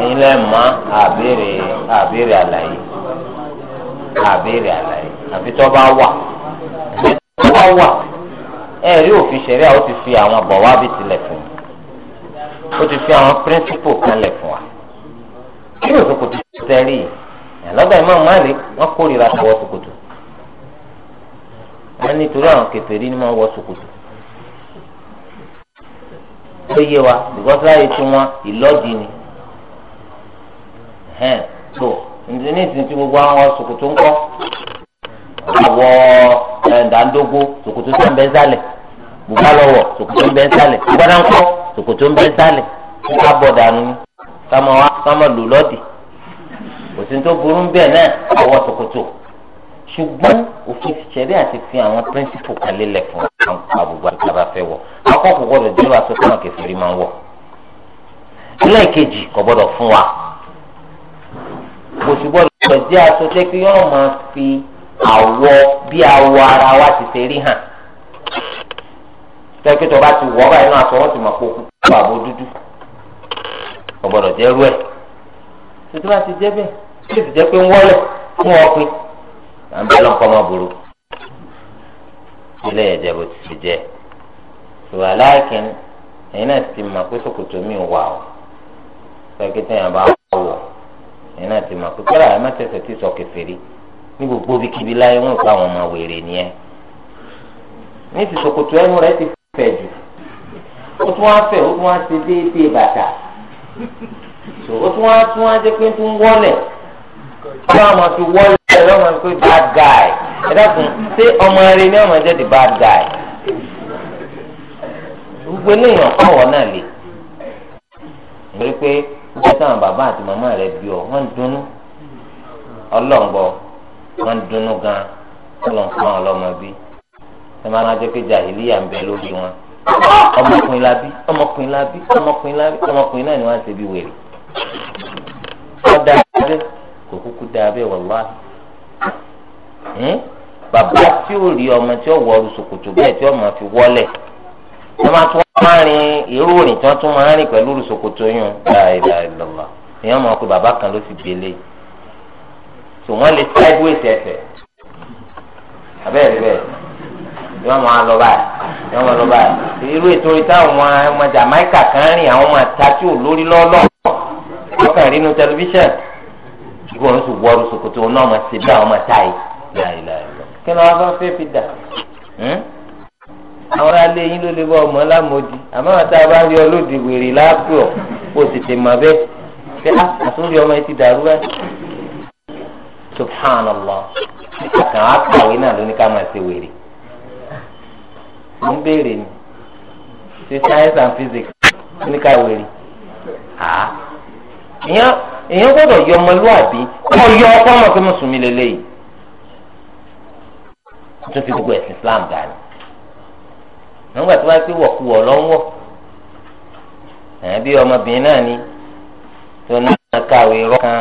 ẹ̀yin lẹ mọ àbèrè àbèrè àlàyé àbèrè àlàyé àfi tó bá wà tó bá wà ẹ rí òfin ṣẹlẹ̀ ó ti fi àwọn bọ̀ wá bí tilẹ̀ fún ó ti fi àwọn píríncípù kanlẹ̀ fún wa kí ló ṣòkòtò tẹ́lẹ̀ yìí lọ́gbà ìmọ̀ máàlì wọ́n kórìíra tó wọ ṣòkòtò wọ́n nítorí àwọn kèfèrí ni wọ́n wọ ṣòkòtò ó yé wa bìkọ́sí láyé tí wọ́n ìlọ́dì ni hẹn tó ǹjẹ́ ní ìsìn tí gbogbo àwọn ṣòkòtò ń kọ́ àwọ̀ ẹ̀ǹdàndógó ṣòkòtò tó ń bẹ́ sálẹ̀ bùbá lọ́wọ́ ṣòkòtò ń bẹ́ sálẹ̀ gbọ́dá ń kọ́ ṣòkòtò ń bẹ́ sálẹ̀ ká bọ̀ dànù ni ká mọ̀ wá ká mọ̀ lò lọ́dì òsì tó burú ń bẹ̀ náà àwọ̀ ṣòkòtò ṣùgbọ́n òfin ṣẹ̀rí àti fi àwọn píríncípù kan lélẹ̀ fún àbùgbà tí a bá fẹ́ wọ̀ akọ́kọ́ gbọ́dọ̀ jẹ́ wàásù fún àkẹ́fẹ́rí máa ń wọ̀ ẹlẹ́ẹ̀kejì kò gbọ́dọ̀ kò sì gbọ́dọ̀ jẹ́ aṣọ tẹ́ pé yọ́n máa fi àwọ̀ bí awọ ara wa ti ṣe rí hàn tẹ́kí tó bá ti wọ́ báyìí náà aṣọ wọn ti mọ̀ pé òkú kú àbò dúdú kò gbọ́dọ̀ jẹ́ rú ẹ̀ tuntun bá ti jẹ́ bẹ́ẹ̀ tó ti jẹ́ pé ń wọlé fún ọ pé à ń bẹ lọ́nkọ́ ọmọ burú ilé ẹ̀jẹ̀ bó ti jẹ́ ṣùgbọ́n aláìkín ẹ̀yin náà ti mọ̀ pé ṣòkòtò mi wà ó tẹ́kí tẹ́yìn bá wọ̀ ẹ̀yin náà ti mọ̀ pé kọ́lá ẹ̀ má tẹ̀sẹ̀ tí sọ kèfèrí ní gbogbo bíkíbi láyé wọn pa àwọn ọmọ wèrè nìyẹn ní ti ṣòkòtò ẹnu rẹ ti fẹ̀ jù ó tún wá fẹ̀ ó tún wá ṣe déédéé bàtà ó tún wá tún wá jẹ́ pé tún wọlé ọmọ àwọn fi wọlé ẹ̀rọ ọmọ pé bad guy ẹ dákun ṣé ọmọ rẹ ni ọmọ jẹ́ the bad guy gbogbo eléyàn kọ̀wọ́ náà lè nígbà táwọn bàbá àti màmá rẹ̀ bí ọ wọ́n ń dunnú ọlọ́ngbọ wọ́n ń dunnú gan ọlọ́n fún àwọn ọlọ́mọ bí ẹ máa rájọ pé jàhìlíyà ń bẹ lórí wọn ọmọkùnrin labí ọmọkùnrin labí ọmọkùnrin labí ọmọkùnrin náà ni wọ́n ṣe bí wèrè wọ́n dá abẹ́ kò kúkú dá abẹ́ wàláhì hmm? bàbá tí ó rí ọmọ tí ó wọ ọrùn ṣòkòtò bẹ́ẹ̀ tí ọmọ fi wọlé wọ́n máa tún wá rin irú òrìn tí wọ́n tún máa rìn pẹ̀lú ṣòkòtò yún láìláìlọ́lá èèyàn mọ̀ pé bàbá kan ló sì gbélé tò wọ́n lè sideways ẹsẹ̀ abẹ́rẹ́ bẹ́ẹ̀ ni wọ́n máa lọ báyìí ni wọ́n máa lọ báyìí irú ètò orí táwọn ọmọ Jamaica kan rìn àwọn ọmọ àtàtù lórí lọ́lọ́ ọkàn rínú tẹlifíṣàn ìgbà wọn sì wọrú ṣòkòtò náà máa ṣe bí àwọn ọmọ táyì láìláìlọ́ kí ni wọ́n fẹ́ fi dà? Hmm? àwọn alẹ́ yín ló lè bá ọmọ lámòdì àmọ́ àtà bá rí ọlọ́dì wèrè lápò kó o sì tè mọ́ bẹ́ẹ̀ pé ah, àtúndì ọmọ yìí ti dàrú ẹ́ subhanallah kàn á kàwé náà lóní ká máa ṣe wèrè mo ń béèrè ni ṣe science and physics lóní ká wèrè ìyẹn ìyẹn gbọ́dọ̀ yọ ọmọlúwàbí kọ yọ ọkọ ọmọ pé mùsùlùmí lélẹyìí tó fi gbogbo ẹ̀sìn Islam dání nígbà tó wáá pé wọ̀kuwọ̀ lọ́wọ́ àbí ọmọbìnrin náà ni tó náà kàwé rọ́kan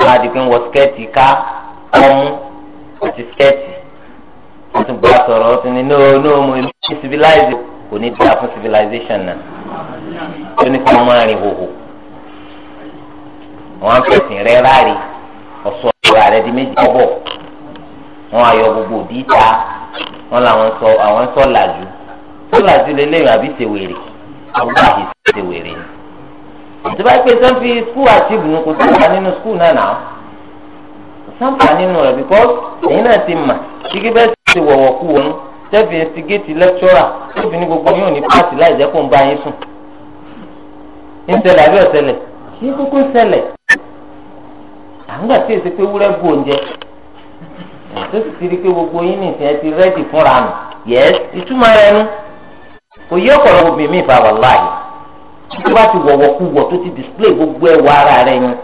wọ́n di pé ń wọ skẹ́ẹ̀tì ká ọmú àti skẹ́ẹ̀tì wọ́n tún bá sọ̀rọ̀ ó tún no no mo ní civilize kò ní dáa fún civilization náà tó ní kí wọ́n máa rìn hòhò wọ́n á fẹ̀sìn rẹ́ ráre ọ̀sọ̀ ọ̀rọ̀ rẹ̀ di méjì ọ̀bọ̀ wọ́n á yọ gbogbo òdì ta. wọn làwọn sọ àwọn sọ làjú sọ làjú lélẹyìn àbí tèwèrè àwọn àbí tèwèrè ni tí sọ́n fi skul àtìbù ní kò sáǹfà nínú skul náà nà ó nínú rẹ̀ bíkọ́ èyí náà ti mà kíkí bẹ́ẹ̀ ti wọ̀wọ̀ kú wọn tẹ́fì ní gbogbo yóò ní pàṣẹ láì jẹ́ kó ń bá yín sùn ń ṣẹlẹ̀ àbí ọ̀ṣẹlẹ̀ kí tó sì ti di pé gbogbo yín nìsín ẹ ti rẹ́dì fúnra nù yẹ́s ìtumọ̀ rẹ nu kò yẹ ọ̀pọ̀lọpọ̀ bèmí ìfà wà láàyè tó bá ti wọ̀wọ̀ kú wọ̀ tó ti display gbogbo ẹwà ara rẹ yẹn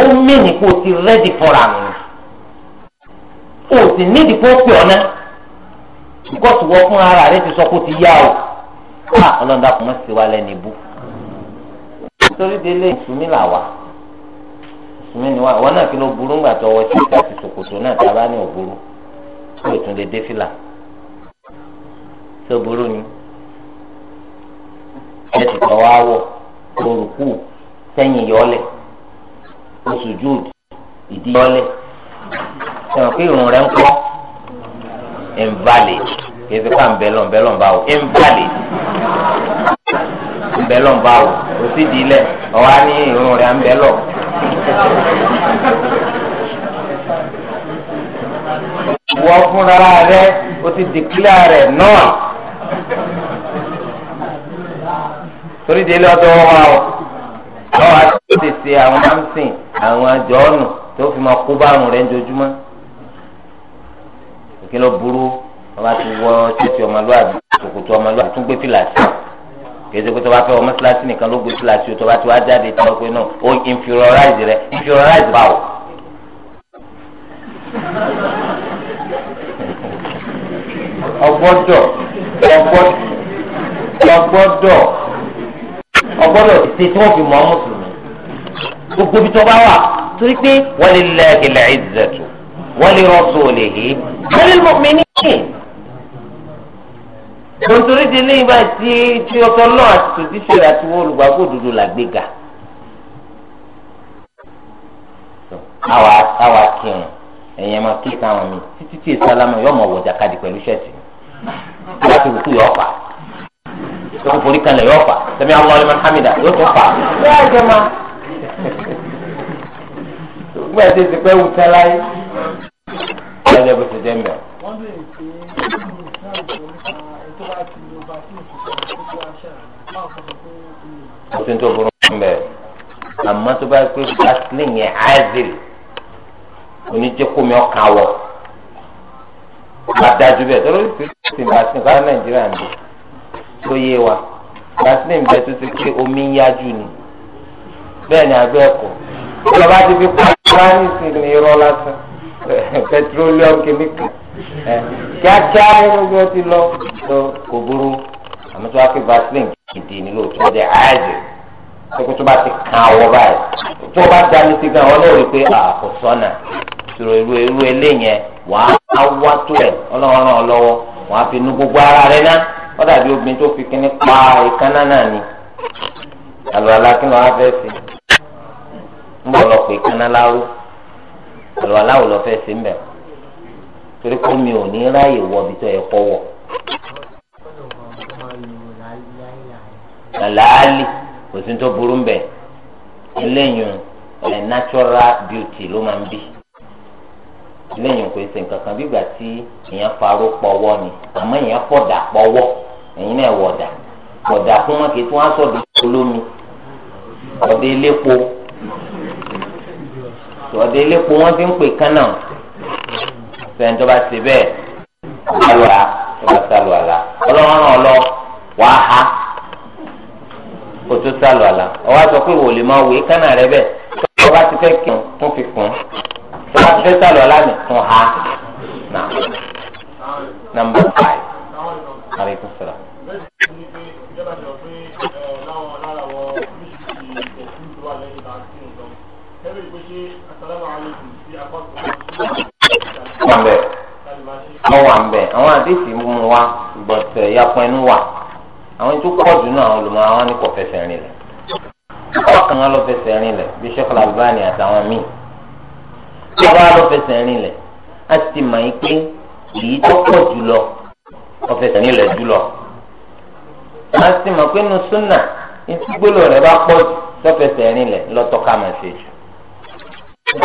ó mìíní kó o ti rẹ́dì fúnra nù o sì pè ara rẹ ti sọ kó ti yá o ah, ọlọ́run dàpọ̀ mọ́ sí wa lẹ́nu ibú torí délé mùsùlùmí ni wá àwọn náà kí ló burú ńgbà tó wọ sí àti ṣòkòtò náà tá a bá ní òburú tó tún lè dé fila tó burú ni ẹ ti tọ́ wá wọ̀ orùkù sẹ́yìn yọlẹ̀ oṣù júùdù ìdí yọlẹ̀ sẹ́wọ̀n pé irun rẹ̀ ń kọ́ invalid kìí fi pa ńbẹ́lọ̀ ńbẹ́lọ̀ ń bá wò invalid ńbẹ́lọ̀ ń bá wò kò sí ìdílẹ̀ ọ̀wá ní irun rẹ̀ ńbẹ́lọ̀ ìwọ fúnra rẹ o ti dìkílà rẹ náà torí délé ọ̀dọ̀ wa o àwọn àti ṣe àwọn amsìn àwọn àjọọnù tó fi máa kó bárùn rẹ ńjojúmọ́ ìkìlọ̀ burú wọn bá ti wọ ṣẹṣẹ ọmọlúwàbí ṣòkòtò ọmọlúwàbí tún gbé fìlà sí i kèsì pé tó bá fẹ́ wọ mọ́sálásí nìkan ló gbé síláṣí o tó bá ti wá jáde tó pé náà ó inferiorize rẹ inferiorize báwo. ọgbọ́dọ̀ ọgbọ́dọ̀ ọgbọ́dọ̀ ìṣe tí wọ́n fi mọ́ mùsùlùmí gbogbo ibi tó bá wà torí pé walillahi al-izzatu wa li rasulihi wa lil mu'minin nítorí ti ní ìgbà tí tí ọtọ náà àti tòtíṣe rẹ àti wọn olùgbàgbọ́ òdodo là gbé ga àwa kírun ẹ̀yẹn máa kí káwọn mi títí tí ìsálámà yóò mọ̀ wọ̀ jàkadì pẹ̀lú ṣẹ́ẹ̀tì mi láti rúkú yóò fà lóko forí kalẹ̀ yóò fà sẹ́mi àwọn ọlọ́ọ̀lẹ́ máa hàmìdá yóò tó fà bẹ́ẹ̀ jẹ́ ma gbọ́dọ̀ ti ti pẹ́ wù sẹ́láyé ọ̀rẹ́ bó ti jẹ́ mẹ́rin. kò sí tó burú mbẹ àmọ́ tó bá pé yẹn azil oníjẹkùnmi ọkà wọ adájú bẹ́ẹ̀ tó lórí pírísì vaseline káwọn nàìjíríà ń tó yé wa tó ti ké omi yájú ni bẹ́ẹ̀ ni àgbẹ ẹkọ ìjọba ti fi pa fúlánísì ní irọ́ lásán pẹtrólíọ̀mù kìnnìkan kíákíá ti lọ kò burú. àmọ́ tó wá pé vaseline gidi ni lóòótọ́ ọdẹ ààyè pé tó bá ti kan àwọ̀ báyìí tó bá dání sí gan wọn náà pé àkó ìṣòro irú irú eléyẹn wàá wá tó rẹ̀ ọlọ́run ràn lọ́wọ́ wàá fi gbogbo ara ná ọ dàbí obìnrin tó fi kíní pa ìkànnà náà ni fẹ́ sí ń bọ̀ ìkànnà wọ làlàálì kò sí tó burú mbẹ eléyìí ẹ natural beauty ló máa ń bí eléyìí kò sí nǹkan kan bígbà tí èèyàn pọwọ ni àmọ́ èèyàn pọdà pọwọ ẹ̀yin náà wọdà pọdà fún wọn kì í wọn sọdọ olómi ọdẹ kó tó sálọ àlà ọwọ́ àti ọkọ ìwòlè máa wò é kánà rẹ bẹ́ẹ̀ tó o bá ti fẹ́ kí n tún fi kún tó o bá ti fẹ́ sálọ àlà mi tún ha nà nàmbà five aleykum salaam. wọ́n wà ń bẹ̀ àwọn àdéhùn mú wa gbọ̀tẹ̀ eh, yapọ̀ ẹnu wà àwọn tó pọ̀ jù náà àwọn olùmọ̀ àwọn ní kò fẹsẹ̀ rìn lẹ̀ ọkọ̀ kan lọ fẹsẹ̀ rìn lẹ̀ bí Sheikh Al-Albani àtàwọn míì ọba lọ fẹsẹ̀ rìn lẹ̀ a ti mọ̀ yín pé èyí tó pọ̀ jù lọ ọ fẹsẹ̀ rìn lẹ̀ jù lọ a ti mọ̀ pé nu etí gbólóò rẹ̀ bá pọ̀ jù tó fẹsẹ̀ rìn lẹ̀ lọ́tọ́ ká máa ṣe jù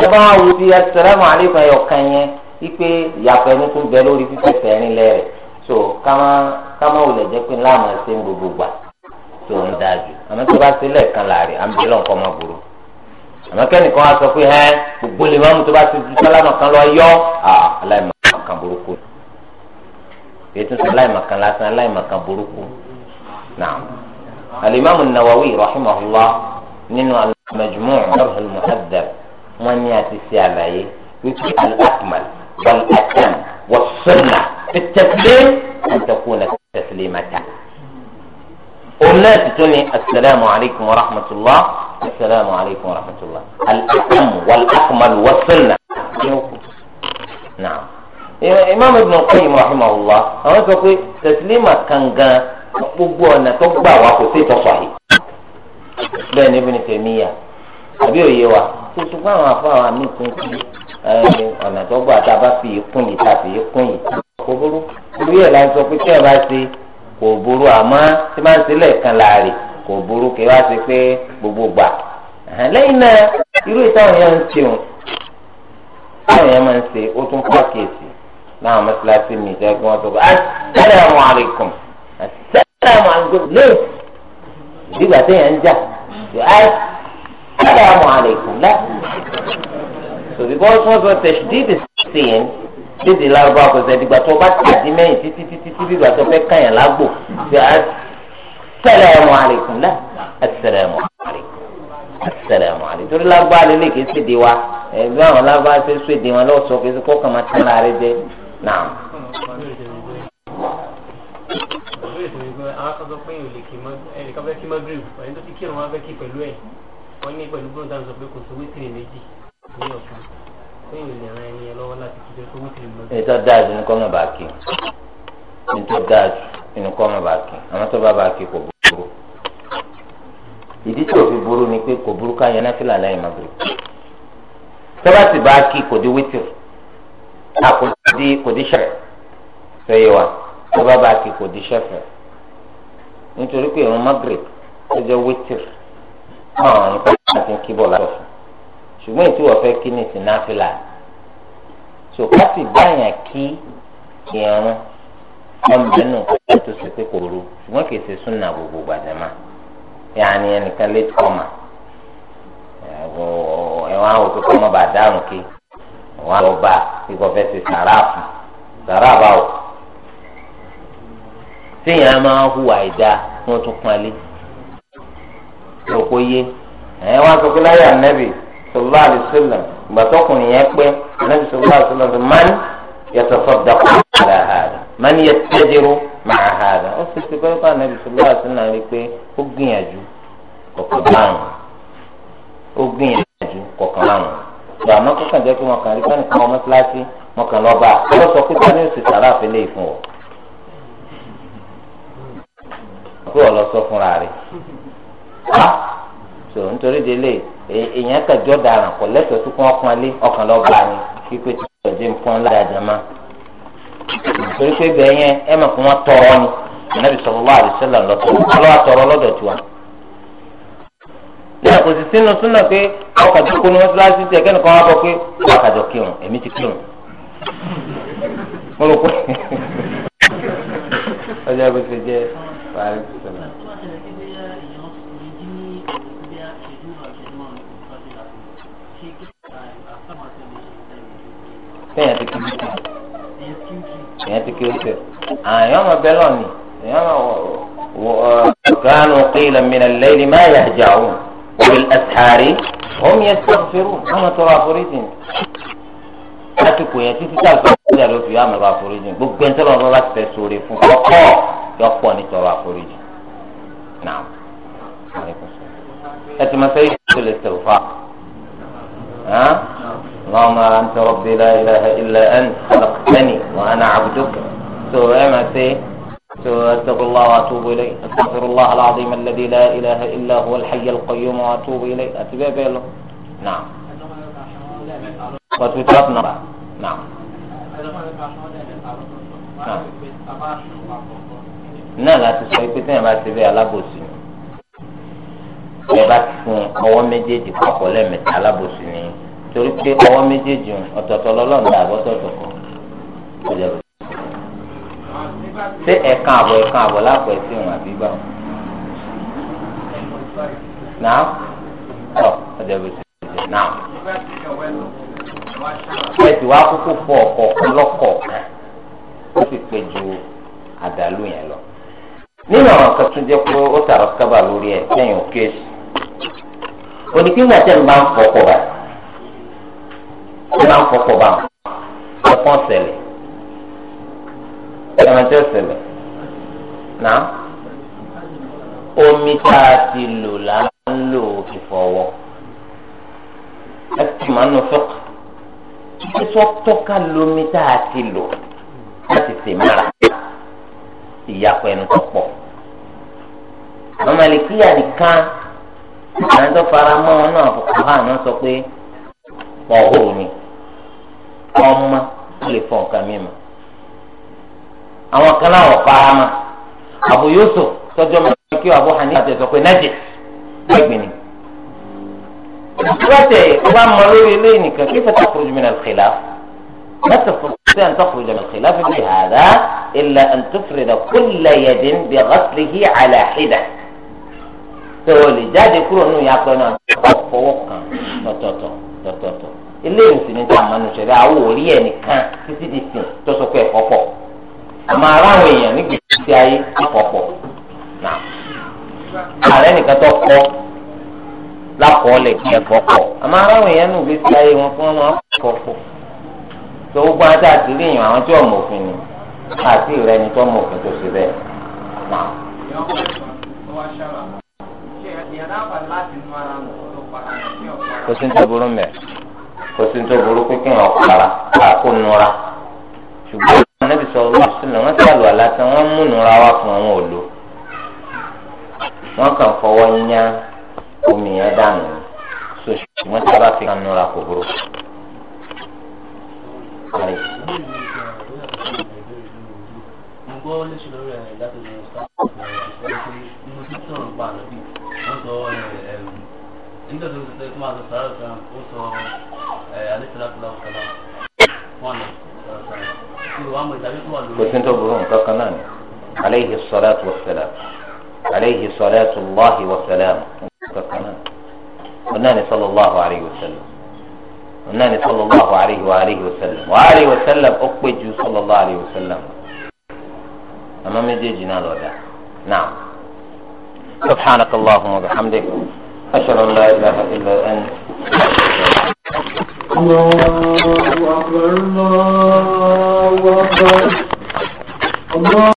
ọba wo di assalamu alaykum kan yẹn wípé ìyàfẹ́ ló tún bẹ lórí fífẹsẹ̀ rìn lẹ̀ rẹ̀ so kama kama ò lè jẹ pé láàmú ẹsẹ ń gbogbo gbà tó ń da jù àmọ́ tó bá ṣe lẹ́ẹ̀kan láàrin àmì lọ́nkọ́ máa burú àmọ́ kẹ́nìkan á sọ pé ẹ gbogbo lè máa mú tó bá ṣe ju sálámà kan lọ yọ aláìmọ̀kan burúkú ètò sọ aláìmọ̀kan lásán aláìmọ̀kan burúkú náà alimami nawawi rahimahullah nínú alamajumọ ọrọ muhaddab wọn ni a ti ṣe àlàyé wípé alakumal wàlúwàtàn wàsánà. في التسليم أن تكون تسليمة قلنا تتوني السلام عليكم ورحمة الله السلام عليكم ورحمة الله الأكم والأكمل والسنة نعم إمام ابن القيم رحمه الله أنا تقول تسليمة كان جان أبوه أن تقبع وقصيت صحيح بين ابن تيمية أبيه يوا أيوة. تسليمة فاهمين كنتي ọ̀nà tó gbà tá a bá fi kún yìí tá a fi kún yìí kò burú orí ẹ̀ la ń sọ pé tí ẹ bá ṣe kò burú àmọ́ tí máa ń ṣe lẹ́ẹ̀kan láàrè kò burú kí wá ṣe pé gbogbo gbà lẹ́yìn náà irú ìtàwọn yẹn ń ṣeun táwọn yẹn máa ń ṣe ó tún pàkíyèsí láwọn mọ́ṣáláṣí mi jẹ́ kí wọ́n sọ pé assalamu alaikum assalamu alaikum lẹ́yìn ìdígbà téèyàn ń jà assalamu alaikum lẹ́yìn so because wọ́n sọ tẹ̀sídìdì sí yẹn dídì lárúbá kò sẹ́ dìgbà tó bá tàdí mẹ́yìn títí títí tí dìgbà tó fẹ́ kàyàn lágbo ṣe assalamu alaikum la assalamu alaikum assalamu alaikum torí lárúbá lélẹ̀ kìí ṣe di wa ẹ̀bí àwọn lárúbá ṣe ṣe di wọn lọ́sọ̀ kìí ṣe kó kàn máa tán ara jẹ náà. wọ́n ní pẹ̀lú gbọ́dọ̀ sọ pé kò sówó tìrì ètò dáàjù ní kọ́ mọ̀ bá kí ètò dáàjù ní kọ́ mọ̀ bá kí àwọn tó bá bá kí kò burú ìdí tí òfin burú ni pé kò burú ká yẹn náfìlà lẹ́yìn magre tọ́ba sì bá kí kò dé wítìrì a kò dé kò dé ṣẹ̀fẹ̀ sẹ́yìn wa tọ́ba bá kí kò dé ṣẹ̀fẹ̀ nítorí pé ìrun magre ó jẹ́ wítìrì ọ̀run kọ́ àti kíbọ̀ látọ̀ fún ṣùgbọ́n ètò ọ̀fẹ́ kí ni sí náfìlà so ká sì dáyàn kí ìrún ọ̀nbẹ́nu kó tó ṣe pé kò ru ṣùgbọ́n kì í ṣe súnà gbogbo gbàdẹ́mà yàní ẹnìkan lè tọ́ ma ẹ̀wọ̀n àwọn òkú kọ́ mọ́ bá dárùn kí ẹ̀wọ̀n àwọn ọba ikọ̀ fẹ́ ṣe sàráàfù sàráàbà ò téèyàn máa ń hùwà ìdá wọn tún pọn alẹ́ lóko yé ẹ̀ wọ́n á sọ pé láyé sọlá àdìsílẹ̀ gbàtọ́kùnrin yẹn pé anábì sọlá àdìsílẹ̀ man yatasaddaqu ala man yattajiru ma'a ó sì ti bẹ́ẹ̀ bá anábì sọlá àdìsílẹ̀ rí pé ó gbìyànjú kọ̀ọ̀kan báwọn ó gbìyànjú kọ̀ọ̀kan báwọn gbà má kọ́kàn jẹ́ pé wọn kàn rí pẹ́ẹ́nì kan ọmọ wọn kàn a sọ pé pẹ́ẹ́nì òsì sàrà ìfún ọ. ọ lọ sọ fúnra rẹ̀ nítorí délé èèyàn kàjọ dàrán kọ lẹ́tọ̀ọ́ tó kún ọkàn lé ọkàn lọ bá ní pípé tí wọn jẹ nǹkan ládàjà má nítorí pé bẹ́ẹ̀ yẹn ẹ mọ̀ pé wọ́n tọrọ ni ànábì sallallahu alaihi wasallam lọ́tọ̀ ọlọ́wà tọrọ lọ́dọ̀ tiwa. lẹ́yìn kò sì sínú súnà pé ọkàjọ kó ní wọ́n síláṣí tí ẹ̀kẹ́ni kan wá bọ̀ pé ọkàjọ kírun èmi ti kírun. mo rò pé ọjọ́ bó ṣe jẹ́ wàhálà fẹ́yàn ti kiri tu èyàn ti kiri tu àyàn ọmọ bẹ́ẹ̀ lọ ni èyàn ọmọ wọ kánú qila min al-layli ma yahja'un wa bil-ashari hum yastaghfirun ọmọ tọrọ àforíjì láti kò yẹn títí káàkiri ìjà ló fi àmọ̀ àforíjì gbogbo ẹni tọ́lọ́ bá tẹ̀ sóore fún kọ́kọ́ yọ pọ̀ ní tọrọ àforíjì náà ẹ ti máa fẹ́ tó lè sẹ̀ fà á. اللهم أنت ربي لا إله إلا أنت خلقتني وأنا عبدك سو eh, ما سي أتقوا الله وأتوب إليه أستغفر الله العظيم الذي لا إله إلا هو الحي القيوم وأتوب إليه اتباب بيلو نعم وتترك نعم. نعم نعم لا تسوي بيتنا ما تبي على ti bẹ alábòsí ni ẹ bá ti fún ọwọ́ méjèèjì alábòsí ni. torí pé ọwọ́ méjèèjì ọ̀tọ̀ọ̀tọ̀ lọ́lọ́run dà bọ́tọ̀ọ̀tọ̀ kọ́ ọ̀jọ̀bọ̀. ṣé ẹ̀kan àbọ̀ ẹ̀kan àbọ̀ lápò ẹ̀sìn òun àbí bá wọn. náà ọ̀ ọ̀jọ̀bọ̀ sí ọ̀jọ̀ náà. ẹ ti wá kókó fọ ọ̀kọ̀ọ̀kan lọ́kọ̀ọ̀kan ó sì pé ju àdàlù yẹn lọ. nínú àwọn kan tún jẹ́ pé ó tààrọ̀ kábà lórí ẹ̀ sẹ́yìn òkè èsì. oníkíńgbà tẹ̀ ń bá ń fọkọ̀ báyìí tí wọ́n fọkọ̀ bá ọkàn ṣẹlẹ̀ ẹ̀rọ̀ntẹ́ ṣẹlẹ̀ náà omi tá a ti lò là ń lò ìfọwọ́ ẹ ti máa nù fẹ́kọ̀ títí tó tọ́ka lomi tá a ti lò láti tè mára ìyàpọ̀ ẹnu tó pọ̀ mọ̀mọ́lẹ́kíyà nìkan àwọn tó fara mọ́ wọn náà fọkàn náà sọ pé ọ̀hún ni ọmọ ó lè fọ nǹkan mímọ́ àwọn kan náà wọ farama Abu Yusuf tọjọ mọ kí Abu Hanifa àti ẹsọ pé nájẹ gbẹgbẹ ni. ìgbàtẹ ọba mọ lórí ilé nìkan kí fẹsẹ kúrò jùmọ náà xìlá láti fọsẹ à ń tọkùrọ jùmọ xìlá fi bí hàdá ilà à ń bí ghaslihi ala tó o lè jáde kúrò nù yàtọ̀ náà fọwọ́ kan tọ̀tọ̀tọ̀ tọ̀tọ̀tọ̀ eléyìí sì ní tàmà nù sẹ̀rẹ̀ àwọn òrí ẹ̀ nìkan títí di sìn tó sọ pé ẹ̀kọ́ pọ̀ àmọ́ aráwọ̀ èèyàn nígbà tí ayé ẹ̀kọ́ pọ̀ náà ààrẹ nìkan tó kọ́ lákọọ́lẹ̀ ẹ̀kọ́ pọ̀ àmọ́ aráwọ̀ èèyàn nù gbé sí ayé wọn fún wọn ẹ̀kọ́ pọ̀ tó gbọ́n àti àtìlẹ́yìn àwọn tí ọmọ òfin ni àti ìrẹ́ni tó ọmọ òfin tó ṣe bẹ́ẹ̀ náà kò sí ní kò sí tó burú pé kí wọn para kó nura ṣùgbọ́n anábì sọ wọ́n sílẹ̀ wọ́n sàlù àlàtà wọ́n mú nura wá fún àwọn òòlò wọ́n kàn fọwọ́ yíyá omi yẹn dànù sọ̀tù wọ́n sábà fi kan nura kò burú. آه، عليه الصلاة والسلام عليه صلاة الله وسلام كقنان صلى الله عليه وسلم قنان صلى الله عليه وآله وسلم وآله وسلم أقبج صلى الله عليه وسلم أمام من نعم سبحانك اللهم وبحمدك أشهد أن لا إله إلا أنت الله أكبر الله أكبر الله